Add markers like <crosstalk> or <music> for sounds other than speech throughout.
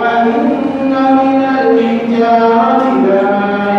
وأن من الحجارة لما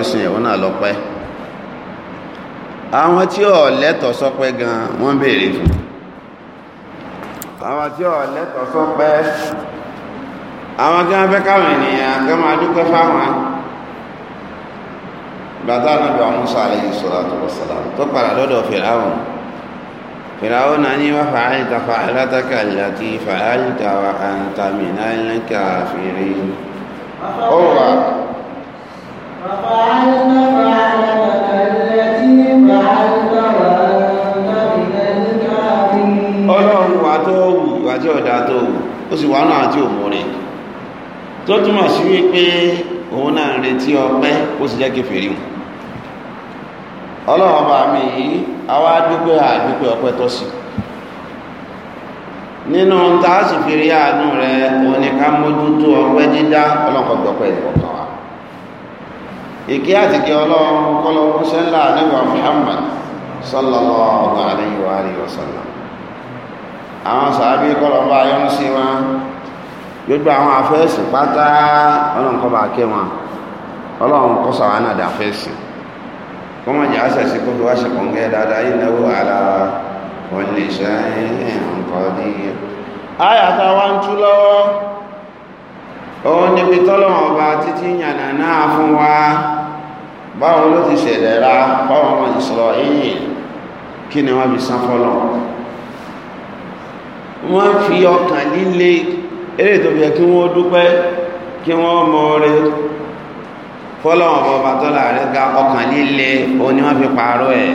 ń sin ẹ̀wọ́n náà lọ́pẹ́ àwọn tí ò lẹ́tọ̀ọ́ sọ́pẹ́ gan wọ́n béèrè fún àwọn tí ò lẹ́tọ̀ọ́ sọ́pẹ́ àwọn tí wọ́n fẹ́ káwọn ènìyàn gan máa dúpẹ́ fáwọn bàtà nàbì àwọn Musa alayhi salatu wa tó padà lọ́dọ̀ Fìràwọn Fìràwọn náà ní wọ́n fa'alta fa'lataka allati fa'alta wa anta minal kafirin ó O si ó sì wà náà tí ò mú tó túmọ̀ sí wípé òun náà retí ọba ó sì jẹ́ ọlọ́run mi yìí àwa dúpẹ́ àdúpẹ́ ọpẹ́ tó sì nínú a sì fi rí àánú rẹ òun ni ká mójútó ọpẹ́ dídá ọlọ́kọ̀ gbọ́pẹ́ wa ìkí ọlọ́run nígbà Muhammad sallallahu àwọn sàábí kọ́lọ̀ bá yọ́nú sí wọn gbogbo àwọn afẹ́sì pátá ọlọ́run bá kẹ́ wọn ọlọ́run kọ́ sàwọn náà dà fẹ́sì kọ́ jẹ́ àṣẹ̀sí kó fi wá ṣe kọ́ńgẹ́ dáadáa yìí náwó àlà wọn lè ṣe ọba títí yànnà náà fún wa báwo ló ti ṣẹ̀dẹ̀ra báwọn ọmọ ìsọ̀rọ̀ yìí kí wọ́n fi ọkàn líle eré tó fi yẹ kí wọ́n dúpẹ́ kí wọ́n mọ rẹ fọlọ́wọ́n bọba tó láàrin ga ọkàn líle òun ni wọ́n fi pààrọ̀ ẹ̀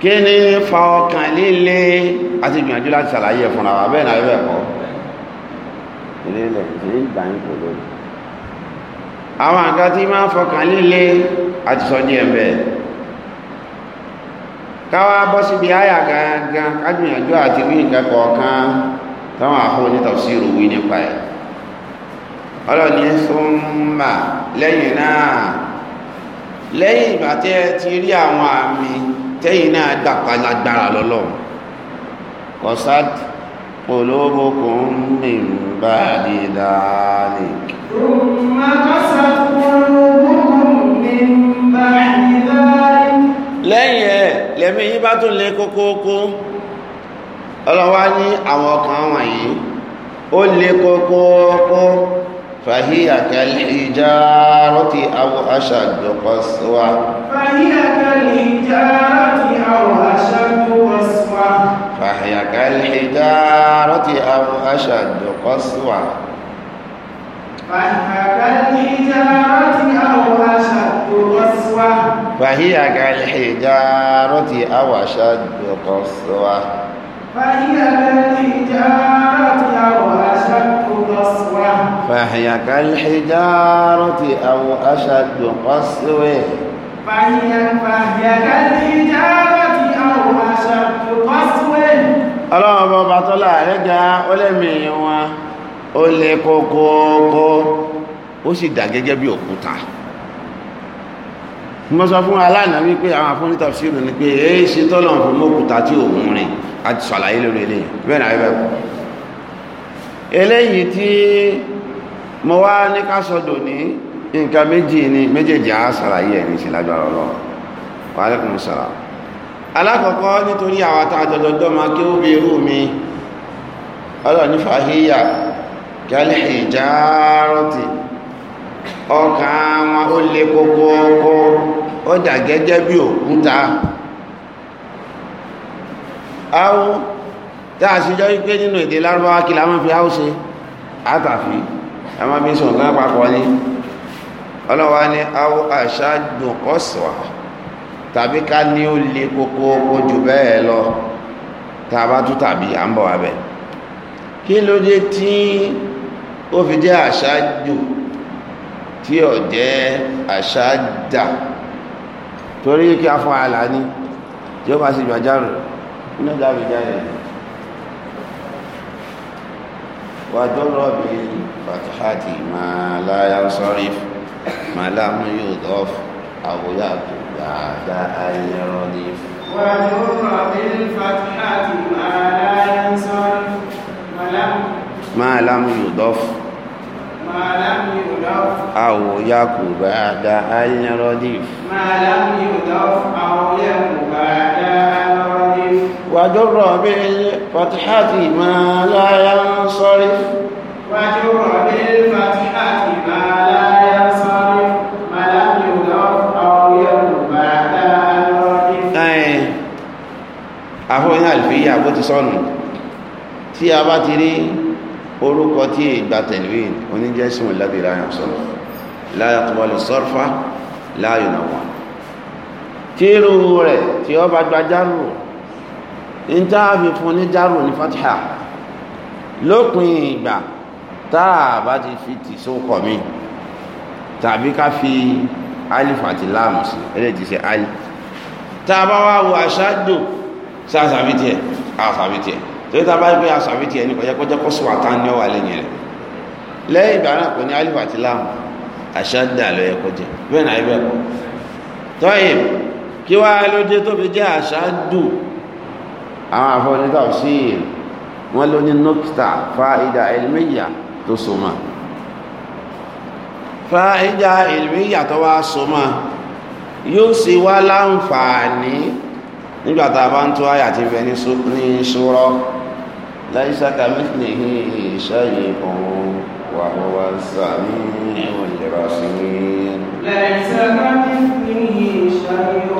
kí ni fa ọkàn líle àti gbìyànjú láti ṣàlàyé fúnra wa bẹ́ẹ̀ náà bẹ́ẹ̀ kọ́ ilé ilẹ̀ àwọn àga tí máa fọkàn líle àti sọ díẹ̀ bẹ́ẹ̀. káwá bọ́ síbi àyà gangan kájúyànjú àti rí nǹkan kọ̀ọ̀kan táwọn àfọwọ́ ní tafsiru wí nípa ẹ̀ ọlọ́ni súnmà lẹ́yìn náà lẹ́yìn ìgbà tẹ́ ti rí àwọn àmì tẹ́yìn náà gbàpá lágbára lọ́lọ́run kọ̀sát olóbokùn min ba'di dhalik lẹ́yìn ẹ̀ lẹ́mí yí bá tún lé kókóókó ọlọ́wá ní àwọn ọkàn wọ̀nyí ó lé kókóókó fàhíyà kẹlẹ̀ ìjà rọ́tì awọ aṣàgbọ̀kọ̀síwá fàhíyà kẹlẹ̀ ìjà rọ́tì awọ aṣàgbọ̀kọ̀síwá fàhíyà kẹlẹ̀ فهي كالحجارة أو أشد قسوة فهي كالحجارة أو أشد قسوة فهي كالحجارة أو أشد قسوة فهي فهي كالحجارة أو أشد قسوة الله بابا طلع رجع ولم يوه ó lé kókóókó ó sì dà gẹ́gẹ́ bí òkúta mo sọ fún aláàánú wípé àwọn afúnitọ̀ sí ìlú ni pé èyí ṣe tọ́lọ̀ fún mọ́kúta tí òun rìn àti ṣàlàyé lórí eléyìí bẹ́ẹ̀ náà bẹ́ẹ̀ kọ́ eléyìí tí mo wá ní ká sọdọ̀ ní nǹkan méjì ni méjèèjì á ṣàlàyé ẹ̀rí sí lágbára ọlọ́run wa alaikum salaam alákọ̀ọ́kọ́ nítorí àwọn àtàjọjọ́ dọ́mà kí ó bí irú mi ọlọ́ọ̀ nífàáhíyà kẹlẹ̀hìjáàrọ̀tì ọkàn wọn ó lè kókó ọkọ́ ó dà gẹ́gẹ́ bí òkúta áwú tí a ṣíjọ́ wípé nínú èdè lárúbáwá kí la fi áwú ṣe àtàfí a fi ní ọlọ́wà ní áwú àṣáàdùn kọ́sùwà ó fi jẹ́ àṣáájú tí ò jẹ́ àṣáájà torí kí a fún àlà ní tí ó bá sì gbàjárò iná jáde jáde wà tó rọ̀bì fatihati máa láyà sọ́rí máa láàmú yóò dọ́f àwòyá tó gbàgbà ayẹrọ ní wà tó rọ̀bì fatihati máa sọ́rí máa láàmú yóò dọ́f أو يك بعد أن ردف ما لم يضف أو يك بعد أن ردف وجر بالفتحة ما لا ينصرف وجر بالفتحة ما لا ينصرف ما لم يضف أو يك بعد أن ردف أي أهو هنا الفية أبو تصنع tí a bá ti rí orúkọ tí ìgbà tẹ̀lwìn oníjẹ́ ismu alladhi la yansarif la yaqbalu sarfa la yunawwan tí irú rẹ̀ tí ó bá gba járù ń táàbí fún ní járù ní fatiha lópin ìgbà táà bá ti fi tì sókọ̀ mi tàbí ká fi alif àti láàmù sí ẹlẹ́ ti ṣe alif tá a bá aṣáájú sáà sàbítì torí tá a bá gbé aṣọ àfitì ẹni kọjá kọjá kó sọ àtàn ní ọwà lẹ́yìn rẹ̀ lẹ́yìn ìgbà náà kò ní alif àti láàmù àṣàdà lọ yẹ kọjá bẹ́ẹ̀ náà ibẹ̀ kọ́ tọ́yìn kí wá ló tó fi jẹ́ àṣàdù àwọn àfọwọ́nìtà sí wọn ló ní nọ́kítà fáídà ilmiyya tó so mọ́ fáídà ilmiyya tó wá so mọ́ yóò sì wá láǹfààní nígbà tá a bá ń tó àyà tí bẹ ní sọ́rọ́ ليس كمثله شيء وهو السميع البصير ليس كمثله شيء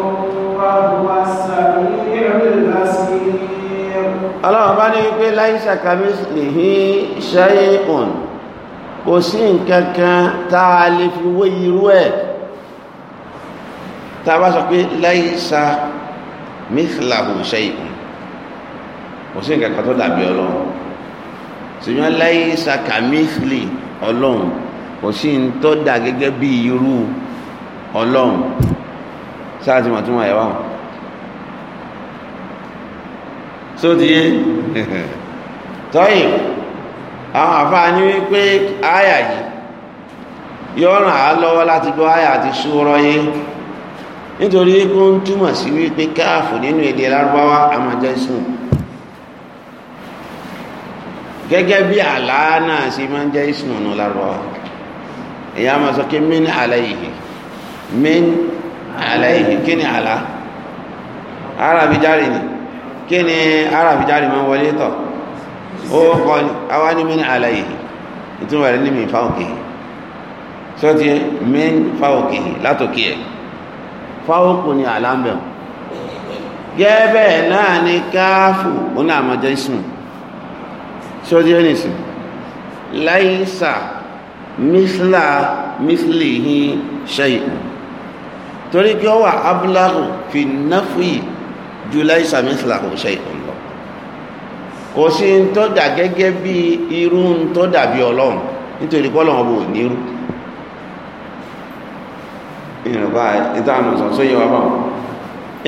وهو السميع البصير ọlọ́run bá ní wípé láìsà kàmíṣìlì ṣẹ́yí òn kò sí nǹkan kan tá a lè fi wé irú ẹ̀ tá a bá sọ pé láìsà mìsìlàhù ṣẹ́yí òn kò sí nǹkan kan tó dàbí ọlọ́run ṣùgbọ́n láìsà kàmífìlì ọlọ́run kò sí ń tọ́ dà gẹ́gẹ́ bí irú ọlọ́run sáà tí tún wà tó ti yé <laughs> tọ́yì àwọn àfáàní wípé àyà yìí yóò ràn á lọ́wọ́ láti gbọ́ àyà àti ṣúrọ́ yé nítorí kó ń túmọ̀ sí wípé káàfù nínú èdè lárúbáwá àmàjẹ́sùn gẹ́gẹ́ bí àlá náà sí máa ń jẹ́ ìsìnà ọ̀nà lárúbáwá ìyá máa sọ pé min alayhi min alayhi kí ni àlá arabi jari ni kí ni arabi jari máa wọlé tọ̀ ó kọ́ ni àwa ni min alayhi ìtumọ̀ rẹ̀ ní mi fáwọ̀kì sọ́tí min fáwọ̀kì látòkì ẹ̀ fáwọ̀kù ni àlá ń náà ni káfù ó náà máa jẹ́ ìsìnà tí ó jẹ́ nìsín láìsà mísílà mísílì yìí ṣẹ́yìn torí kí ó wà abúláhùn fi náfìyì ju láìsà mísílà kò ṣẹ́yìn lọ kò sí ń tó dà gẹ́gẹ́ bí irú ń tó dàbí ọlọ́run nítorí kọ́lọ̀ ọ̀bọ̀ ò nírú ìrìnbá ìtànà sọ sóyè wa báwọn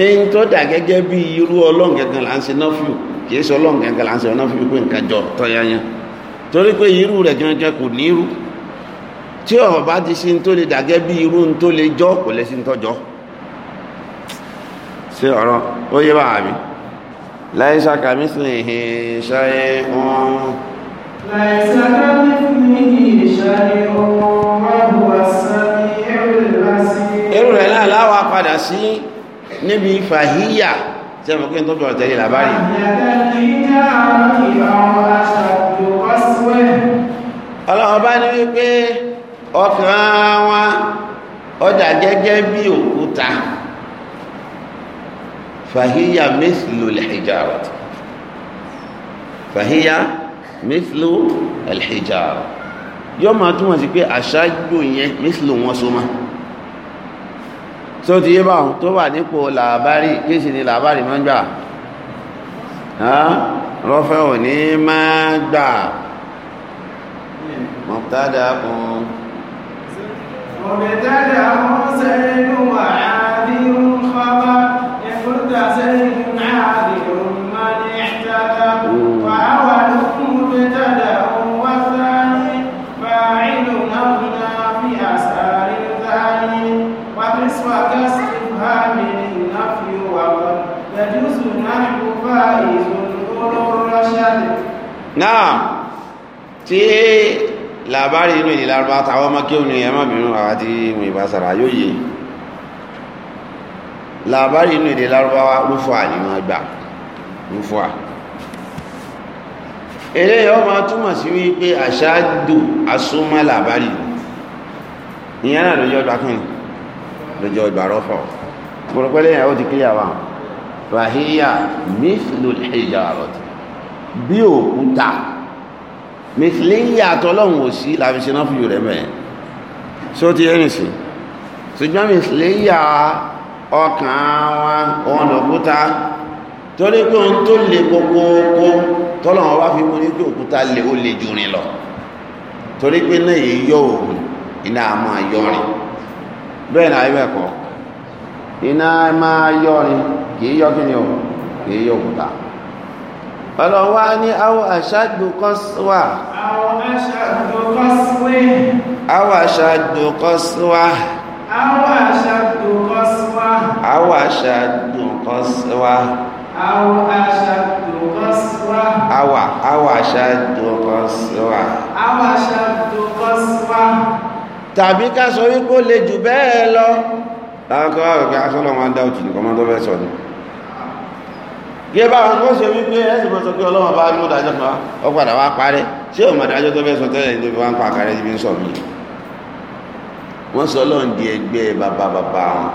èyí tó dà gẹ́gẹ́ bí irú ọlọ́run gẹ́gẹ́ là ń ṣe náfìyì kì í sọ ọlọ́run kankan láǹṣẹ́ ọ̀nà fífi pé nǹkan jọ tọ́yányán torí pé irú rẹ̀ gangan kò ní irú tí ọ̀rọ̀ bá ti ṣe ń tó lè dàgẹ́ bí irú ń tó lè jọ́ kò lè tọ́jọ́ ṣé ọ̀rọ̀ ó yé bá mi láì ṣàkà mí sì lè wọn. láì ṣàkà mí sì lè hìn ṣáyé wọn wọ́n wá ẹrù rẹ̀ láti. ẹrù rẹ̀ náà láwa padà sí níbi fàhíyà tí a mọ̀ pé tọ́jú ọ̀tẹ̀ yìí làbá yìí. ọlọ́run bá ní wípé ọkàn wa ọjà gẹ́gẹ́ bí òkúta fàhíyà mẹ́sìlò lẹ́hìjára fàhíyà mẹ́sìlò lẹ́hìjára yọ́ máa túmọ̀ sí pé àṣáájú yẹn mẹ́sìlò wọn so máa tó ti yé bá wọn tó wà nípò làbárì kí sì ni làbárì máa ń gbà rọ́fẹ́ ò ní máa gbà mọ̀tádà kún. mọ̀tádà kún sẹ́yìn wà á. náà tí làbárí inú ìdí lárúbá táwọn ọmọ kí òun ni ẹ má bínú àti ìwọ̀n ìbásàrà yóò yé làbárí inú ìdí lárúbá rúfà ni wọ́n gbà rúfà eléyìí ọmọ túmọ̀ sí wípé àṣáájú asúnmọ́ làbárí ìyẹn náà lójọ́ ìgbà kìíní lójọ́ ìgbà rọ́fọ̀ gbọ́dọ̀ bí òkúta mìtìlíyà tọ́lọ́hùn ò sí láfi ṣe náà fìyò rẹ̀ mẹ́ so ti ẹni sí ṣùgbọ́n mìtìlíyà ọkàn wa ọ̀hún òkúta torí pé ohun tó le gbogbo oko tọ́lọ́hùn wá fi mú ní pé òkúta lè ó le jù rìn lọ torí pé náà yìí yọ òògùn iná àmọ́ yọrin bẹ́ẹ̀ náà ibẹ̀ kọ́ iná máa yọrin kì í yọ kí ni o kì í yọ òkúta ọlọ́wọ́ á ní àwọ̀ àṣàdù kọ́síwà àwọ̀ àṣàdù kọ́síwà àwọ̀ àṣàdù kọ́síwà àwọ̀ àṣàdù kọ́síwà àwọ̀ àṣàdù kọ́síwà àwọ̀ àwọ̀ àṣàdù kọ́síwà àwọ̀ àṣàdù kọ́síwà tàbí ká sọ wípé ó le jù bẹ́ẹ̀ lọ láwọn kọ́ ọ̀rọ̀ kí asọ́nà wọn dá òtún nìkan mọ́ tó sọ ni yẹ bá wọn kọ́ ṣe wípé ẹ̀sìn mọ́ sọ pé ọlọ́wọ́n bá yóò dájọ́ pa ọ o mà dájọ́ tó fẹ́ sọ tẹ́lẹ̀ nítorí wọn pa àkàrẹ́ ibi ń sọ mí wọ́n sọ ọlọ́run di ẹgbẹ́ bàbá bàbá wọn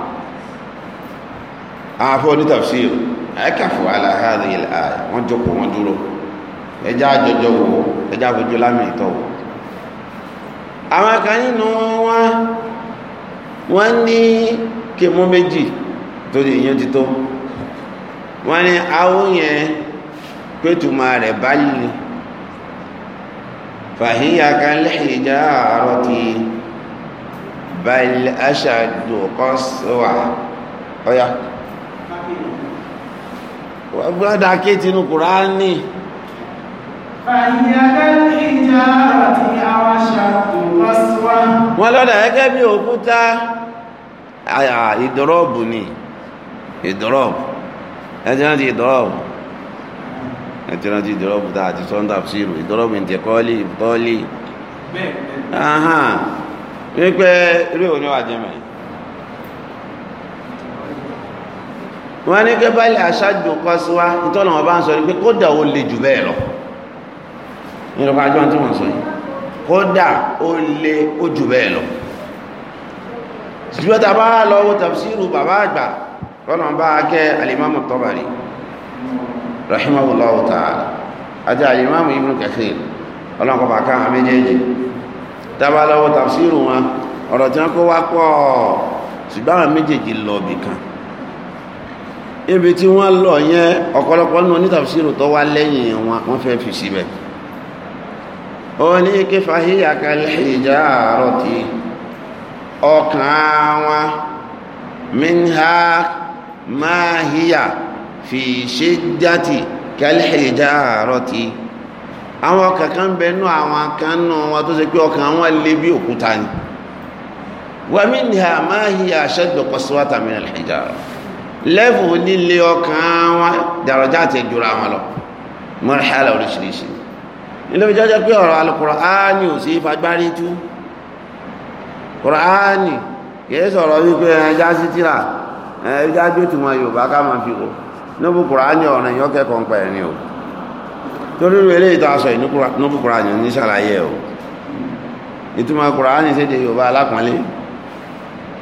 àwọn afọ onítàfsí o àyíkàfọ aláhàdì ìlàyà wọn jókòó wọn dúró ẹjá àjọjọ wò ẹjá àfojú lámì ìtọ́ wò àwọn kan nínú wọn wọn ní kèmó méjì tó di ìyẹn ti wọ́n ní awó yẹn pétùmá rẹ̀ báyìí fàhíyà kálẹ̀ ìjà àárọ̀ ti báyìí aṣáájú kan sọ́wà ọ̀yà wọ́n gbọ́dọ̀ ké tinú kùránì. fàhíyà wọ́n lọ́dà gẹ́gẹ́ bí òkúta ìdọ́rọ̀bù ni ìdọ́rọ̀bù ẹjọ́ rántí ìdọ́rọ̀bù ẹjọ́ rántí ìdọ́rọ̀bù tá àti sọ́ńdà síru ìdọ́rọ̀bù ìtẹ̀kọ́lì ìbùkọ́lì wípé irú ìwò ni wà jẹ́mẹ̀ wọ́n ní pé báyìí aṣáájú kọ́ sí wá ìtọ́nà ọba ń sọ ní pé kódà ó le jù bẹ́ẹ̀ lọ nígbà àjọ tí wọ́n sọ yìí kódà ó le ó jù bẹ́ẹ̀ lọ ṣùgbọ́n tàbá lọ wo tàbí sí bàbá àgbà kọ́nà bá a kẹ́ alimamu tọ́bari rahimahullahu ta'ala àti alimamu ibn kathir ọlọ́nkọ́ bá ká àwọn méjèèjì tábàlọ́wọ́ tafsiru wọn ọ̀rọ̀ tí wọ́n kó wá pọ̀ ṣùgbọ́n àwọn méjèèjì lọ bì kan ibi tí wọ́n lọ yẹn ọ̀pọ̀lọpọ̀ nínú onítafsiru tó wá lẹ́yìn wọn wọ́n fẹ́ fi síbẹ̀ ó ní kí fàhíyà kalẹ̀ ìjà àárọ̀ tí ọkàn wọn minha máa híyà fi ṣe játi kẹlẹ́hìjáàrọ́tì àwọn kankan ń bẹnu àwọn kan nù wọn tó ṣe pé ọkàn wọn lé bí òkúta ni wà mí ní à máa híyà aṣẹ́gbẹ̀kọ́ síwáta mìíràn lẹ́hìjáàrọ́ lẹ́fù líle ọkàn wọn dàrọ̀já àti ìjọra wọn lọ mọ́rẹ́hálà oríṣiríṣi nílò ìjọ́jọ́ pé ọ̀rọ̀ alukùránì ò sí fagbárí tú kùránì kìí sọ̀rọ̀ wípé ẹja sí tíra ẹjá jó tí wọn Yorùbá ká máa fi wò níbo Kùránì ọ̀ràn yẹn kẹ́kọ̀ọ́ ń pa ẹ̀rín o torí rẹ̀ eléyìí tó aṣọ níbo Kùránì ní ṣàlàyé o ìtumọ̀ ṣe de Yorùbá alápọ̀nlé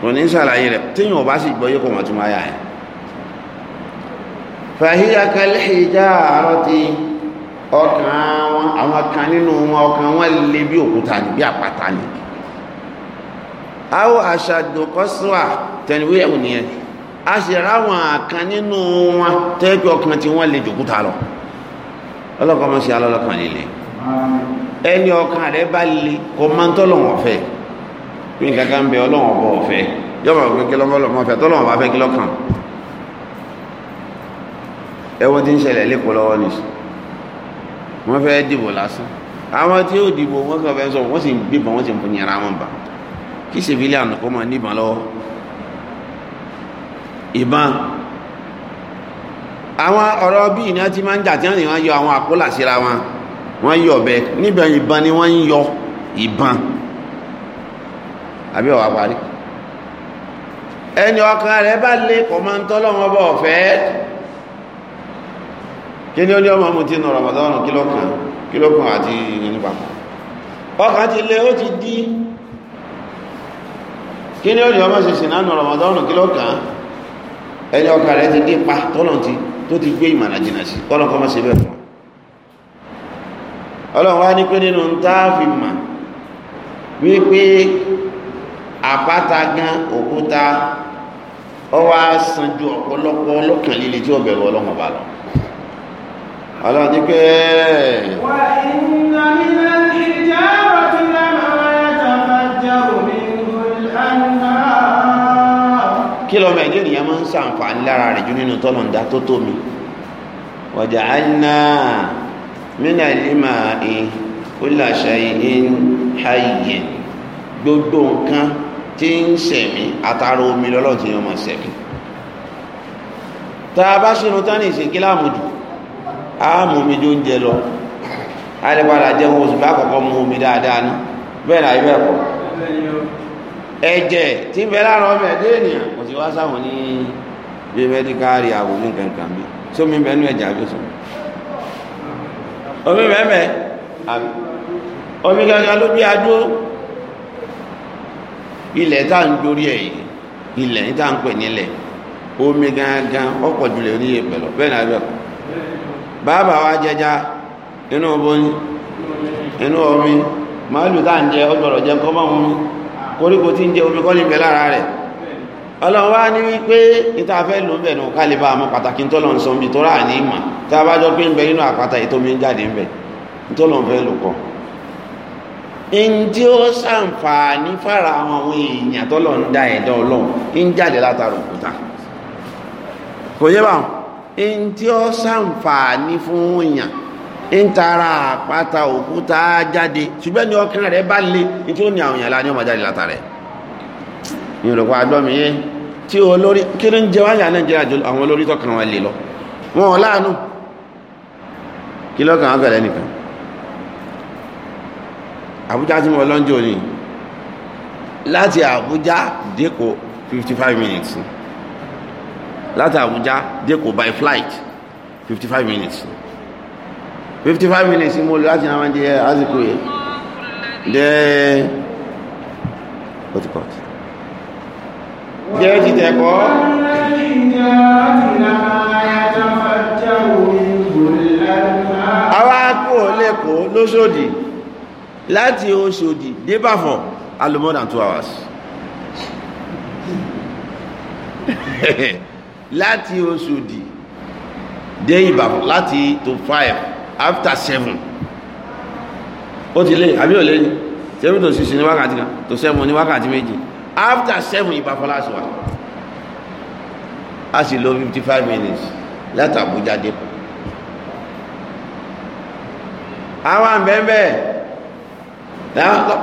kò ní ṣàlàyé sì gbọ́ wọ́n yà a sì ráwọn àkan nínú wọn tẹ́gbẹ́ ọkàn tí wọ́n lè jòkúta lọ ọlọ́kọ́ mọ́ sí alọ́lọ́kàn líle ẹni ọkàn rẹ bá le kò máa ń tọ́lọ̀wọ̀n fẹ́ pé kankan bẹ ọlọ́wọ̀n bọ̀ ọ̀fẹ́ yọ̀bọ̀ pé kí lọ́mọlọ́mọ fẹ́ tọ́lọ̀wọ̀n bá fẹ́ kí lọ́kàn ẹwọ́n ti ń ṣẹlẹ̀ lẹ́kọ̀ọ́ lọ́wọ́ nìṣẹ́ wọ́n fẹ́ dìbò lásán àwọn tí ó dìbò wọ́n kàn fẹ́ sọ wọ́n sì ń gbébọn wọ́n sì ń fún yàrá wọn bà kí sèfìlì ànàkọ́ máa níbọn lọ́wọ́ ìbọn àwọn ọ̀rọ̀ bí ìní ti máa ń jà tí wọ́n ní wọ́n yọ àwọn àpólà síra wọn wọ́n yọ ọ̀bẹ níbẹ̀ ìbọn ni wọ́n ń yọ ìbọn àbí ọ̀wà parí ẹni ọkàn rẹ̀ bá lé kọmọ́ntọ́ lọ́wọ́ bọ́ ọ̀fẹ́ kí ni ó ní ọmọ mú tí nù rọ̀mọ̀dọ́nù kílọ́kàn kílọ́kàn àti ìrìnlẹ́pà ọkàn ti lé ó ti dí kí ni ó ní ọmọ sì sì náà nù rọ̀mọ̀dọ́nù kílọ́kàn ẹni ọkà rẹ̀ ti dé pa tọ́lọ̀ntí tó ti gbé ìmọ̀nà jìnà sí tọ́lọ̀n kọ́ mọ́ bẹ́ẹ̀ fún ọlọ́run wá ní pé nínú táàfì mà wípé àpáta gan òkúta ó wá sàn ju ọ̀pọ̀lọpọ̀ ọlọ́kàn líle tí ó bẹ̀rù ọlọ́run ọba lọ ọlọ́run ti pé kí lọ́mọ ẹ̀jẹ̀ ṣàǹfààní lára rẹ̀ jù nínú tọ́lọ̀ǹda tó tó mi ọjà àìná mínà ìlímà ìn kúláṣà ìhìn hayè gbogbo nǹkan tí ń ṣẹ̀mí àtàrà omi lọ́lọ́run ti yan ọmọ ṣẹ̀mí tá a bá ṣinú tán ní ìsìnkí láàmùjù á mú omi jó ń jẹ lọ á lè padà jẹun oṣù bá kọ̀ọ̀kan mú omi dáadáa ní bẹ́ẹ̀ náà ibẹ̀ kọ̀ ẹ̀jẹ̀ tí ń bẹ lára ọmọ ẹ̀dẹ́ ènìyàn kò sí wá sáwọn ní bí mẹ́díkàárì àwò ní kankan bí sómi ń ẹ̀jẹ̀ àbí sọ omi mẹ́mẹ́ omi kankan ló bí adó ilẹ̀ tá ń dorí ẹ̀ yìí ilẹ̀ ń pè omi gangan ọ̀pọ̀ wa inú omi inú omi màálù tá ń jẹ ọgbọ̀rọ̀ jẹ koríko tí ń jẹ omi kọ́lì bẹ̀ lára rẹ̀ ọlọ́run wá ní wípé ìtafẹ́ ló ń bẹ̀ nù ká lè bá àmọ́ pàtàkì ń tọ́lọ̀ ń sọ bí tọ́ra ní ìmọ̀ tá a bá jọ pé ń bẹ nínú àpáta ètò jáde ń bẹ tọ́lọ̀ ń fẹ́ lò kọ́ ǹdí ó ṣàǹfààní fara àwọn èèyàn tọ́lọ̀ ń da ẹ̀dá ọlọ́run ń jáde látara òkúta kò yẹ báwọn ǹdí ó ṣàǹfààní fún èèyàn ń tara àpáta òkúta jáde ṣùgbọ́n ní ọkàn rẹ̀ bá le ní tí ó ní àwọn èèyàn lá ní ọmọ jáde látara ẹ̀ ní olùkọ́ agbọ́mi yé tí olórí kí ló ń jẹ wáyà nàìjíríà jù àwọn olórí tọkàn wọn lè lọ wọn ò láàánú kí lọ́kàn wọn pẹ̀lẹ́ nìkan àbújá tí mo lọ́njọ́ ni láti àbújá dẹ́kọ̀ 55 minutes láti abuja dẹ́kọ̀ by flight 55 minutes fifty five minutes mo lò láti àwọn jẹ àsìkò yẹn dẹ kọtìkọt jẹ títẹkọ. àwa kò lẹ́kọ̀ọ́ lóṣòdì láti Oṣòdì débàfọ̀ alo more than two hours <laughs> láti Oṣòdì dé Ìbàfọ̀ láti to five after seven ó ti lé àbí ò lé ní seven to six ní wákàtí kan to seven ní wákàtí méjì after seven ibà fọlá sí wa a sì lo fifty five minutes láti Àbújá dé àwọn àbẹ̀bẹ̀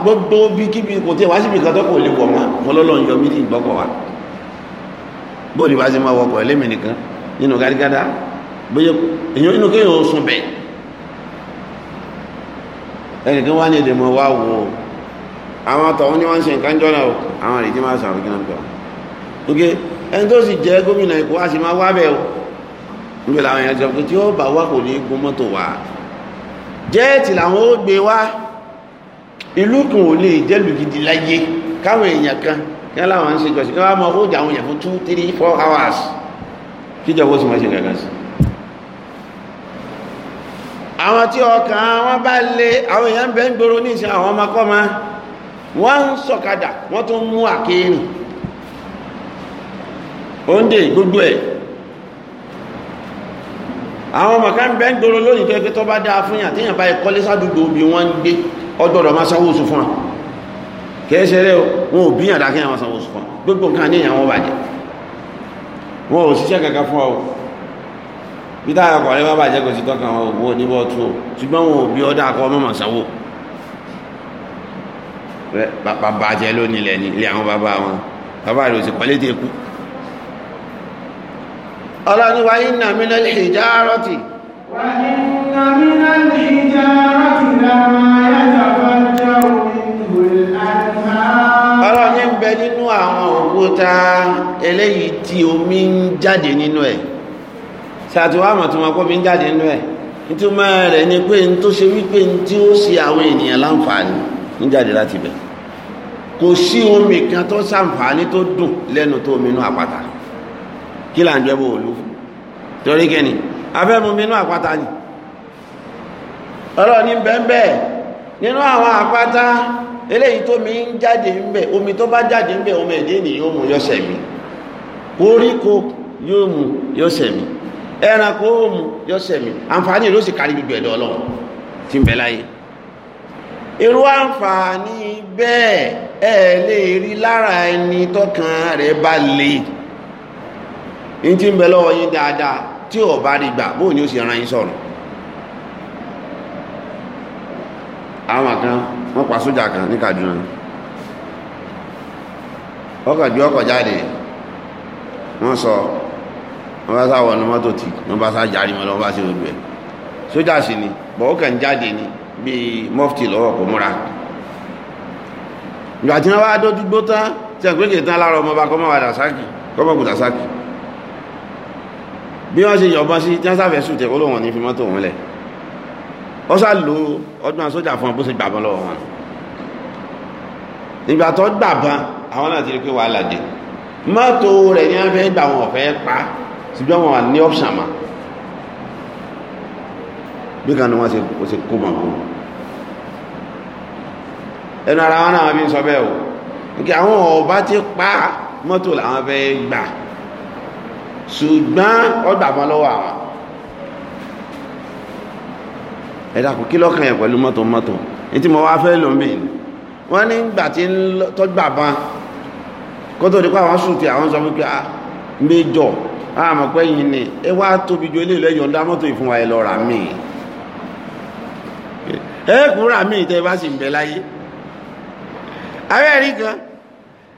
gbogbo bí kíbi kò tí wá síbi kan tó kò lè wọ̀ mọ́ mo lọ́lọ́ yọ mí ní ìgbọ́kọ̀ wa bóòlù bá ti máa wọkọ̀ ẹlẹ́mì nìkan nínú gádígádá bóyá èyàn inú kéèyàn ó sùn bẹ́ẹ̀ ẹnìkan wá ní èdè mọ́ wá wò ó àwọn àtọ̀wọ́n ní wọ́n ń ṣe nǹkan jọ́nà o àwọn àrètí máa sàrò kí náà pẹ̀lú ẹni tó sì jẹ́ gómìnà Èkó a máa wá bẹ̀ o níbi làwọn èèyàn jọ pé tí ó bá wá kò ní gun mọ́tò wá jẹ́ẹ̀tì làwọn ó gbé wá ìlú kan ò lè jẹ́lù gidi láyé káwọn èèyàn kan kí wọ́n láwọn ń ṣe jọ́sìn kí wọ́n máa ó jà àwọn èèyàn fún two three four hours kíjọba ó sì máa ṣe gàgà sí àwọn tí ọkàn wọn bá lé àwọn èèyàn bẹ́ ń gbòrò ní ìṣẹ́ àwọn ọmọkọ́mọ wọ́n ń sọ̀kadà wọ́n tún mú àkíyìn oúnjẹ gbogbo ẹ̀ àwọn ọmọ kan bẹ́ ń gbòrò lónìí tó ẹgbẹ́ tó bá dáa fún yàn bá kọ́lé sádùgbò bí wọ́n ń gbé ọdọ̀dọ̀ máa sanwó oṣù fún wa kẹ́ẹ́ṣẹ́ rẹ̀ wọn ò bí bí táwọn ọkọ̀ rẹ̀ bá bàjẹ́ kò sí tọ́ka àwọn òwò oníbọ̀ tó o ṣùgbọ́n wọn ò bí ọdá akọ mọ̀mọ̀ sanwó bàbá bàjẹ́ lónìí ilẹ̀ ní ilé àwọn bàbá wọn bàbá rẹ̀ ò sì pọ́lé dé kú. ọlọ́ni wa inna minal hijarati. wa inna minal hijarati lama yatafajjaru minhul anhar. ọlọ́ni ń bẹ nínú àwọn òkúta eléyìí tí omi ń jáde nínú ẹ̀. ṣàtiwá àmọ̀túnmọ̀ kó mi ń jáde nínú ẹ̀ nítumọ̀ rẹ̀ ni pé n tó ṣe wípé n tí ó ṣe àwọn ènìyàn láǹfààní ń láti bẹ̀ kò sí omi kan tó ṣàǹfààní tó dùn lẹnu tó omi inú àpáta kí torí ni ọlọ́ọ̀ni bẹ́ẹ̀ nínú àwọn àpáta eléyìí tó mi ń jáde ń bá jáde ẹranko mu yọ o àǹfààní ló sì kárí gbogbo ẹ̀dọ́ ọlọ́run tí ń bẹ láyé irú àǹfààní bẹ́ẹ̀ ẹ lè rí lára ẹni tọkàn rẹ̀ bá lè ní tí ń bẹ lọ́wọ́ yín dáadáa tí ò bá rí gbà ni ó sì ran yín sọrọ àwọn kan pa sójà kan ní Kaduna ọkọ ju ọkọ jáde sọ wọ́n bá sáwọ̀ ọ̀nà mọ́tò tì wọ́n bá sáà járe wọn lọ́wọ́ bá sí gbogbo ẹ̀ sójà sì ni bọ̀ ó jáde ni bíi mọ́fìtì lọ́wọ́ kò múra ìgbà tí wọ́n bá dójú gbó tán tí wọ́n kéèké tán lára ọmọ bá kọ́mọ́ dàsákì kọ́mọ́ kù dàsákì bí wọ́n ṣe yọ̀bọ́n sí tí wọ́n sáfẹ́ sùn tẹ̀ olóhùn ní fi mọ́tò wọn lẹ̀ wọ́n sá lo ọdún sójà fún ọ bó ṣe gbàbọ́n lọ́wọ́ wọn ìgbà tó gbàbọ́n àwọn náà ti rí pé wàhálà dé mọ́tò rẹ̀ ní wọ́n fẹ́ gbà wọn ọ̀fẹ́ pa ṣùgbọ́n wọn wà ní option ma bí kan ní wọ́n ṣe kó mọ̀ kó ẹnu ara wọn náà bí n sọ bẹ́ẹ̀ o nke àwọn ọba ti pa mọ́tò làwọn fẹ́ gbà ṣùgbọ́n ọgbà fún lọ́wọ́ àwọn ẹ̀dá kò kí lọ́kàn yẹn pẹ̀lú mọ́tò mọ́tò ní tí mo wá fẹ́ lò ń bì wọ́n ní gbà tí tọ́gbà fún kótó nípa àwọn sùn tí àwọn sọ fún pé ah, méjọ àmọ́ ah, pé yìí ni ẹ wá tóbi ju eléyìí lẹ́yìn ọ̀dá mọ́tò ìfúnwa ẹ lọ rà mí ẹ kú rà mí tẹ bá sì ń bẹ kan nígbà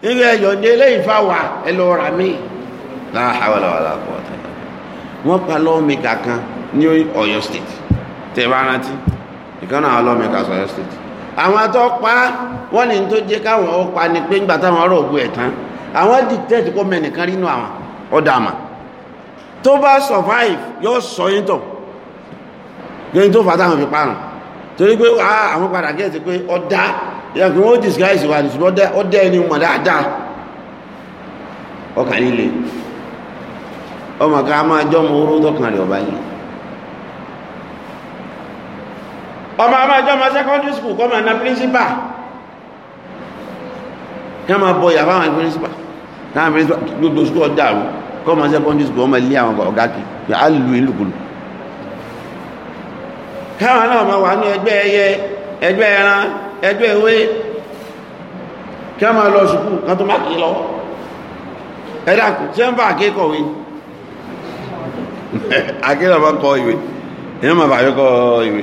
ẹ̀yọ̀ ní eléyìí fà wà ẹ lọ rà mí wọ́n pa kan ní Ọ̀yọ́ state bá rántí ìkan náà sọ Ọ̀yọ́ state àwọn pa wọ́n ní tó jẹ́ káwọn ni pé táwọn ọ̀rọ̀ ògbó ẹ̀ tán àwọn tó bá survive yóò sọ yín tọ̀ yóò tó fàtà àwọn fi torí pé àwọn padà gẹ́ẹ̀tì pé ọ̀dá ìyàkùn ó disguise wà nìṣùgbọ́n ọdẹ ẹni mọ̀ dáadáa ọkà líle ọmọ ká máa jọ mọ oró tọkàn rẹ ọba yìí ọmọ máa jọ mọ secondary school kọ́ na principal kí wọ́n máa bọ ìyàwó àwọn principal principal gbogbo school ọ̀dà kọ́ ọmọ secondary school ọmọ ilé àwọn ọ̀gá kì í á lu ìlúkulù káwọn náà máa wà ní ẹgbẹ́ ẹyẹ ẹgbẹ́ ẹran ẹgbẹ́ ewé kí wọ́n máa lọ sùkú kan tó má kì í lọ ẹ̀dá kù tí wọ́n bá akẹ́kọ̀ọ́wé akẹ́kọ̀ọ́ <laughs> bá bá yọkọ ìwé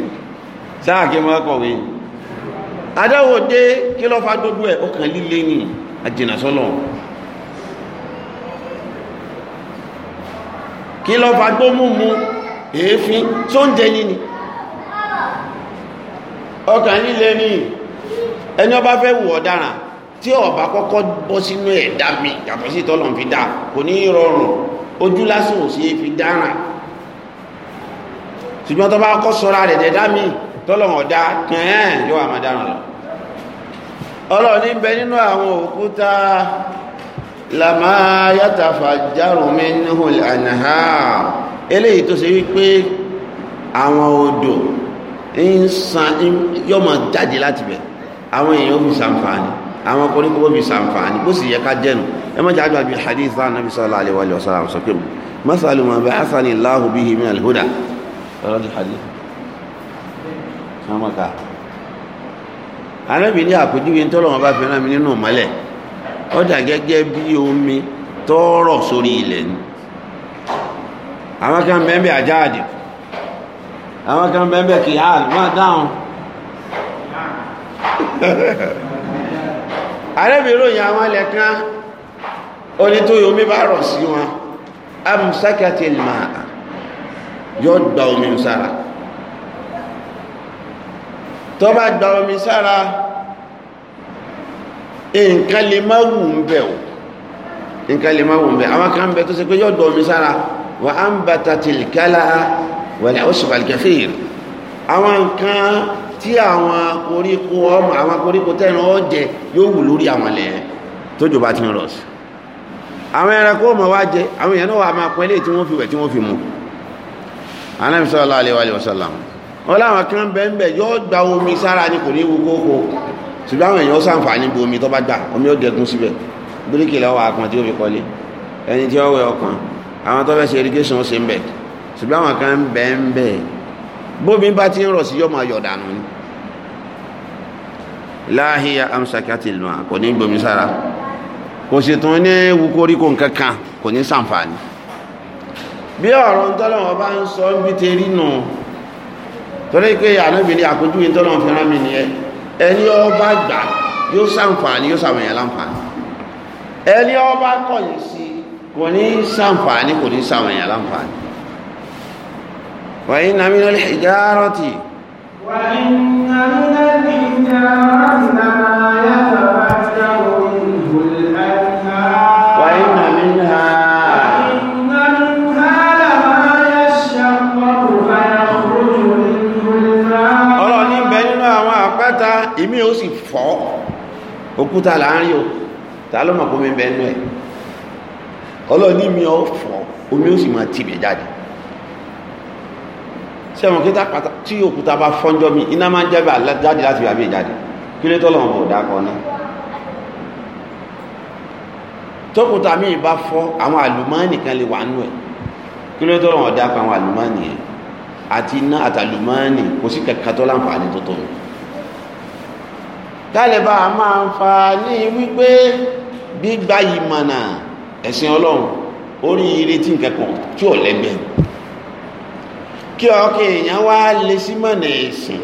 kí lọ fa gbó múmu èéfín tó ń jẹ yìí ni ọkàn yìí lè ní ẹni ọba fẹ́ wù ọ̀daràn tí ọba kọ́kọ́ bọ́ sínú ẹ̀dá mi yàtọ̀ sí tọ́lọ̀ fi dá kò ní rọrùn ojú lásán ò sí fi dáràn ṣùgbọ́n tó bá kọ́ sọ́ra rẹ̀ dẹ̀dá mi tọ́lọ̀ ọ̀dá kẹ́ẹ̀ẹ́ yóò àmà dáràn lọ ọlọ́ọ̀ ní bẹ nínú àwọn òkúta lama yatafajjaru minhul anhar eléyìí tó ṣe wípé àwọn odò ń san yóò máa jáde láti bẹ̀ àwọn èèyàn fi ṣàǹfààní àwọn ọkùnrin kò fi ṣàǹfààní bó sì yẹ ká jẹnu ẹ má jáde àgbẹ̀ hadith náà nàbí sọ́lá àlẹ́ wàlẹ́ ọ̀sán àwọn sọ́kẹ́ mu masalu ma bẹ asani lahu bihi min alhuda ọ̀rọ̀ ti hadith sọ́mọ́ka anábìíní àpèjúwe ń tọ́lọ́wọ́n bá fi rán mi nínú mọ́lẹ̀ ó dà gẹ́gẹ́ bí omi tó rọ̀ sórí ilẹ̀ ni àwọn kan bẹ́ẹ̀ àjáàdì àwọn kan bẹ́ẹ̀ kì í hà máa dáhùn arẹ́bìnrin òyìn àwọn ilẹ̀ kan oní tó yóò mi bá rọ̀ sí wọn amsakati ilmaa yóò gba omi sára tó bá gba omi sára nǹkan lè má wù ń bẹ̀ nǹkan lè má kan bẹ tó ṣe pé yóò dọ̀ mi sára wà á ń bàtà tìlìkálà wẹ̀lẹ̀ ó sì bàlìkẹ́ fèèrè àwọn nǹkan tí àwọn koríko ọmọ àwọn koríko jẹ yóò wù lórí àwọn ilẹ̀ yẹn tójò bá ti ń rọ̀ sí àwọn ẹranko ọmọ wa jẹ àwọn èèyàn náà wà máa pẹ́lẹ́ fi wẹ̀ mu wa wa kan bẹ́ẹ̀ bẹ́ẹ̀ gba omi sára ni ṣùgbọ́n àwọn èèyàn ó sàǹfààní bu omi tó bá gbà omi ó dẹ̀gún síbẹ̀ bíríkì lọ́wọ́ àpọ̀n tí ó fi kọ́lé ẹni tí ó wẹ ọkàn àwọn tó fẹ́ ṣe irrigation ó ṣe ń bẹ̀ ṣùgbọ́n àwọn kan ń bẹ̀ ń bẹ̀ bómi bá ti ń rọ̀ sí yóò máa yọ̀ dànù ni láhíyá amsakati lùmọ̀ kò ní gbomi sára kò sì tún ní ewu koríko nǹkan kan kò ní sàǹfààní bí ọ̀rọ̀ ntọ́lọ́wọ́ bá ń sọ ń bí torí pé ànábìnrin àkójúwe ntọ́lọ́wọ́ fi rán mi nìyẹn ẹni ọba gbà yóò sàǹfààní yóò sàmìyàn láǹfààní ẹni ọba kọ̀yìn sí kò ní sàǹfààní kò ní sàmìyàn láǹfààní wàyí nàmí lórí ìjárọ̀tì wàyí nàmí lórí ìjárọ̀tì omi ó sì fọ́ òkúta láàrin o ta ló mọ̀ kómi bẹ́ẹ̀ nú ẹ̀ ọlọ́ọ̀ni mi ó fọ́ omi ó sì máa tìbẹ̀ jáde ṣé àwọn kíta pàtà tí òkúta bá fọ́njọ́ mi iná máa ń jẹ́ bá jáde láti ìyàbí ìjáde kí ló tọ́lọ̀ ọmọ ọ̀dà kan náà tọ́kùtà mi bá fọ́ àwọn àlùmọ́ọ́nì kan lè wà nú ẹ̀ kí ló tọ́lọ̀ ọ̀dà kan àwọn àlùmọ́ọ́nì yẹn àti iná àtàlùmọ́ọ́nì kò sí kẹ̀kẹ́ láǹfààní tó tó kálẹ̀bá máa ń fa ní wípé gbígba ìmọ̀nà ẹ̀sìn ọlọ́run orí ìrètí nkẹ́kọ̀ọ́ tí ò lẹ́gbẹ́ kí ọkọ̀ èèyàn wá lè sí mọ̀nà ẹ̀sìn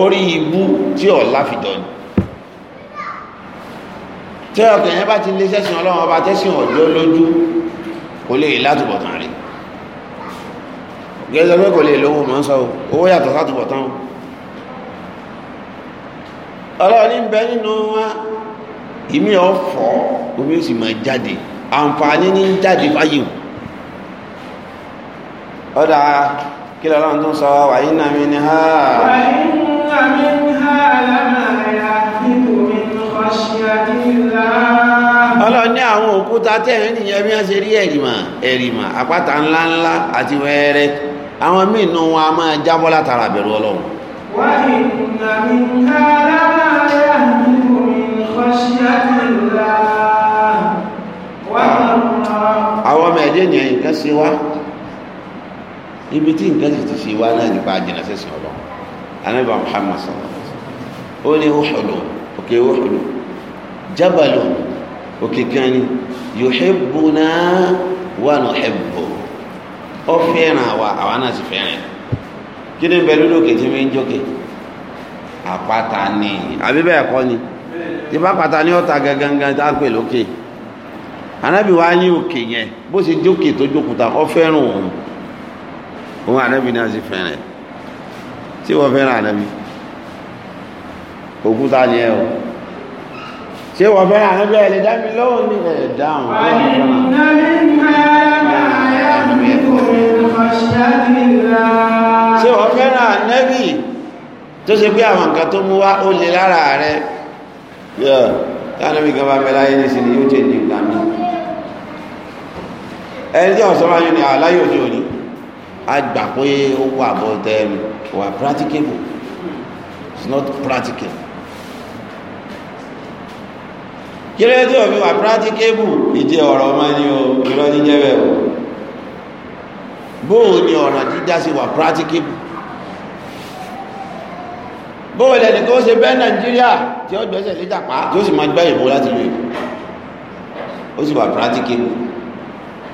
orí ibú tí ò láfidọ́ ni tí ọkọ̀ èèyàn bá ti lè sẹ́sìn ọlọ́run ọba tẹ́sìn ọ̀jọ́ lójú kò lè látùbọ̀tán rẹ̀ gẹ́gẹ́ bí kò lè lówó mọ́ sọ owó yàtọ̀ látùbọ̀tán o ọlọ́run ní bẹ nínú wọn ìmí ọ̀fọ́ omi ó sì máa jáde àǹfààní ní jáde fáyé o ọ̀dà kí lọ́lọ́run tó sọ wàyí náà mi ni ha ọlọ́run ní àwọn òkúta tẹ́rin nìyẹn bí wọ́n ṣe rí ẹ̀rìmà ẹ̀rìmà àpáta ńláńlá àti wẹ́ẹ́rẹ́ àwọn míì wọn a máa jábọ́ látara bẹ̀rù ọlọ́run وإن منها لما يهبط من خشية الله وما àwọn ọmọ ẹ̀dẹ́ ènìyàn nǹkan ṣe wá ibi tí nǹkan sì ti ṣe wá náà nípa àjìnà sẹ́sìn ọlọ́run anábà Muhammad sọ̀rọ̀ ó ní wúhùdù òkè wúhùdù jábàlù òkè kan ní yuhibbuna wa nuhibbu ó fẹ́ràn àwa àwa náà sì fẹ́ràn kí ni bẹ lódò kìtì mi ń jókè àpáta ni àbí bẹ́ẹ̀ kọ́ ni tí bá pàtà ní ọ̀tà gangan tá a pè lókè anábì wa ní òkè yẹn bó ṣe jókè tó jókòtà ọ fẹ́ràn òun òun anábì náà sì fẹ́ràn tí wọ́n fẹ́ràn anábì òkúta ni ẹ o ṣé wọ́n fẹ́ràn anábì ẹ̀ lè dá mi lọ́wọ́ ní ẹ̀ dáhùn ṣé wọ́n fẹ́ràn ànábì tó ṣe pé àwọn nǹkan tó mú wá ó lè lára rẹ̀ yọ tánàbí kan bá mẹ́lá yẹ́ nísìnyí yóò tẹ́ ní ìgbà mi ẹni tí ọ̀sán máa yọ ní àláyé òní òní a gbà pé ó wà bọ́ tẹ́ẹ̀mù wà practicable it's not practicable kí ló dé tí òfin wà practicable ìjẹ ọ̀rọ̀ máa ní o ìrọ́ ní jẹ́ bẹ́ẹ̀ o bóò ni ọ̀ràn jíjá sí wà practicable bóò lẹ́ni kó ṣe bẹ́ nàìjíríà tí ó gbẹ́sẹ̀ lé jàpá tí ó sì máa gbẹ́ ìbò láti lè ó sì wà practicable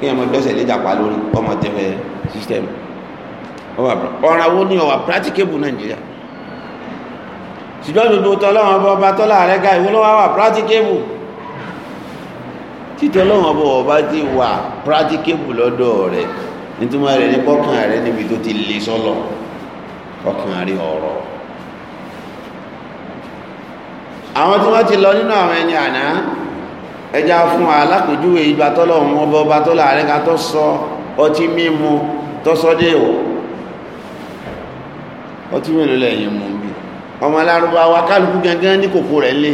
kí ẹ mọ gbẹ́sẹ̀ lé jàpá lórí ọmọ tẹ́fẹ́ system ọ̀ràn wo ni ọ̀wà practicable nàìjíríà ṣùgbọ́n gbogbo tọ́lọ́wọ́n bọ́ ọba tọ́lá rẹ̀ ga ìwé ló wá wà practicable títọ́lọ́wọ́n bọ́ ọba ti wà practicable lọ́dọ̀ rẹ̀ nítumọ̀ rẹ̀ ní kọ́kàn rẹ̀ níbi tó ti lè sọ́lọ̀ kọ́kàn rẹ̀ ọ̀rọ̀ àwọn tí wọ́n ti lọ nínú àwọn ẹni àná ẹja fún alákòjúwe ìgbà tọ́lọ̀ wọn bọ́ bá tọ́lọ̀ ààrẹ ká tó sọ ọtí mímu tó sọ dé ìwọ̀ ọtí mélòó lẹ́yìn mú bí ọmọ alárúbáwá kálukú gangan ní kòkó rẹ̀ lé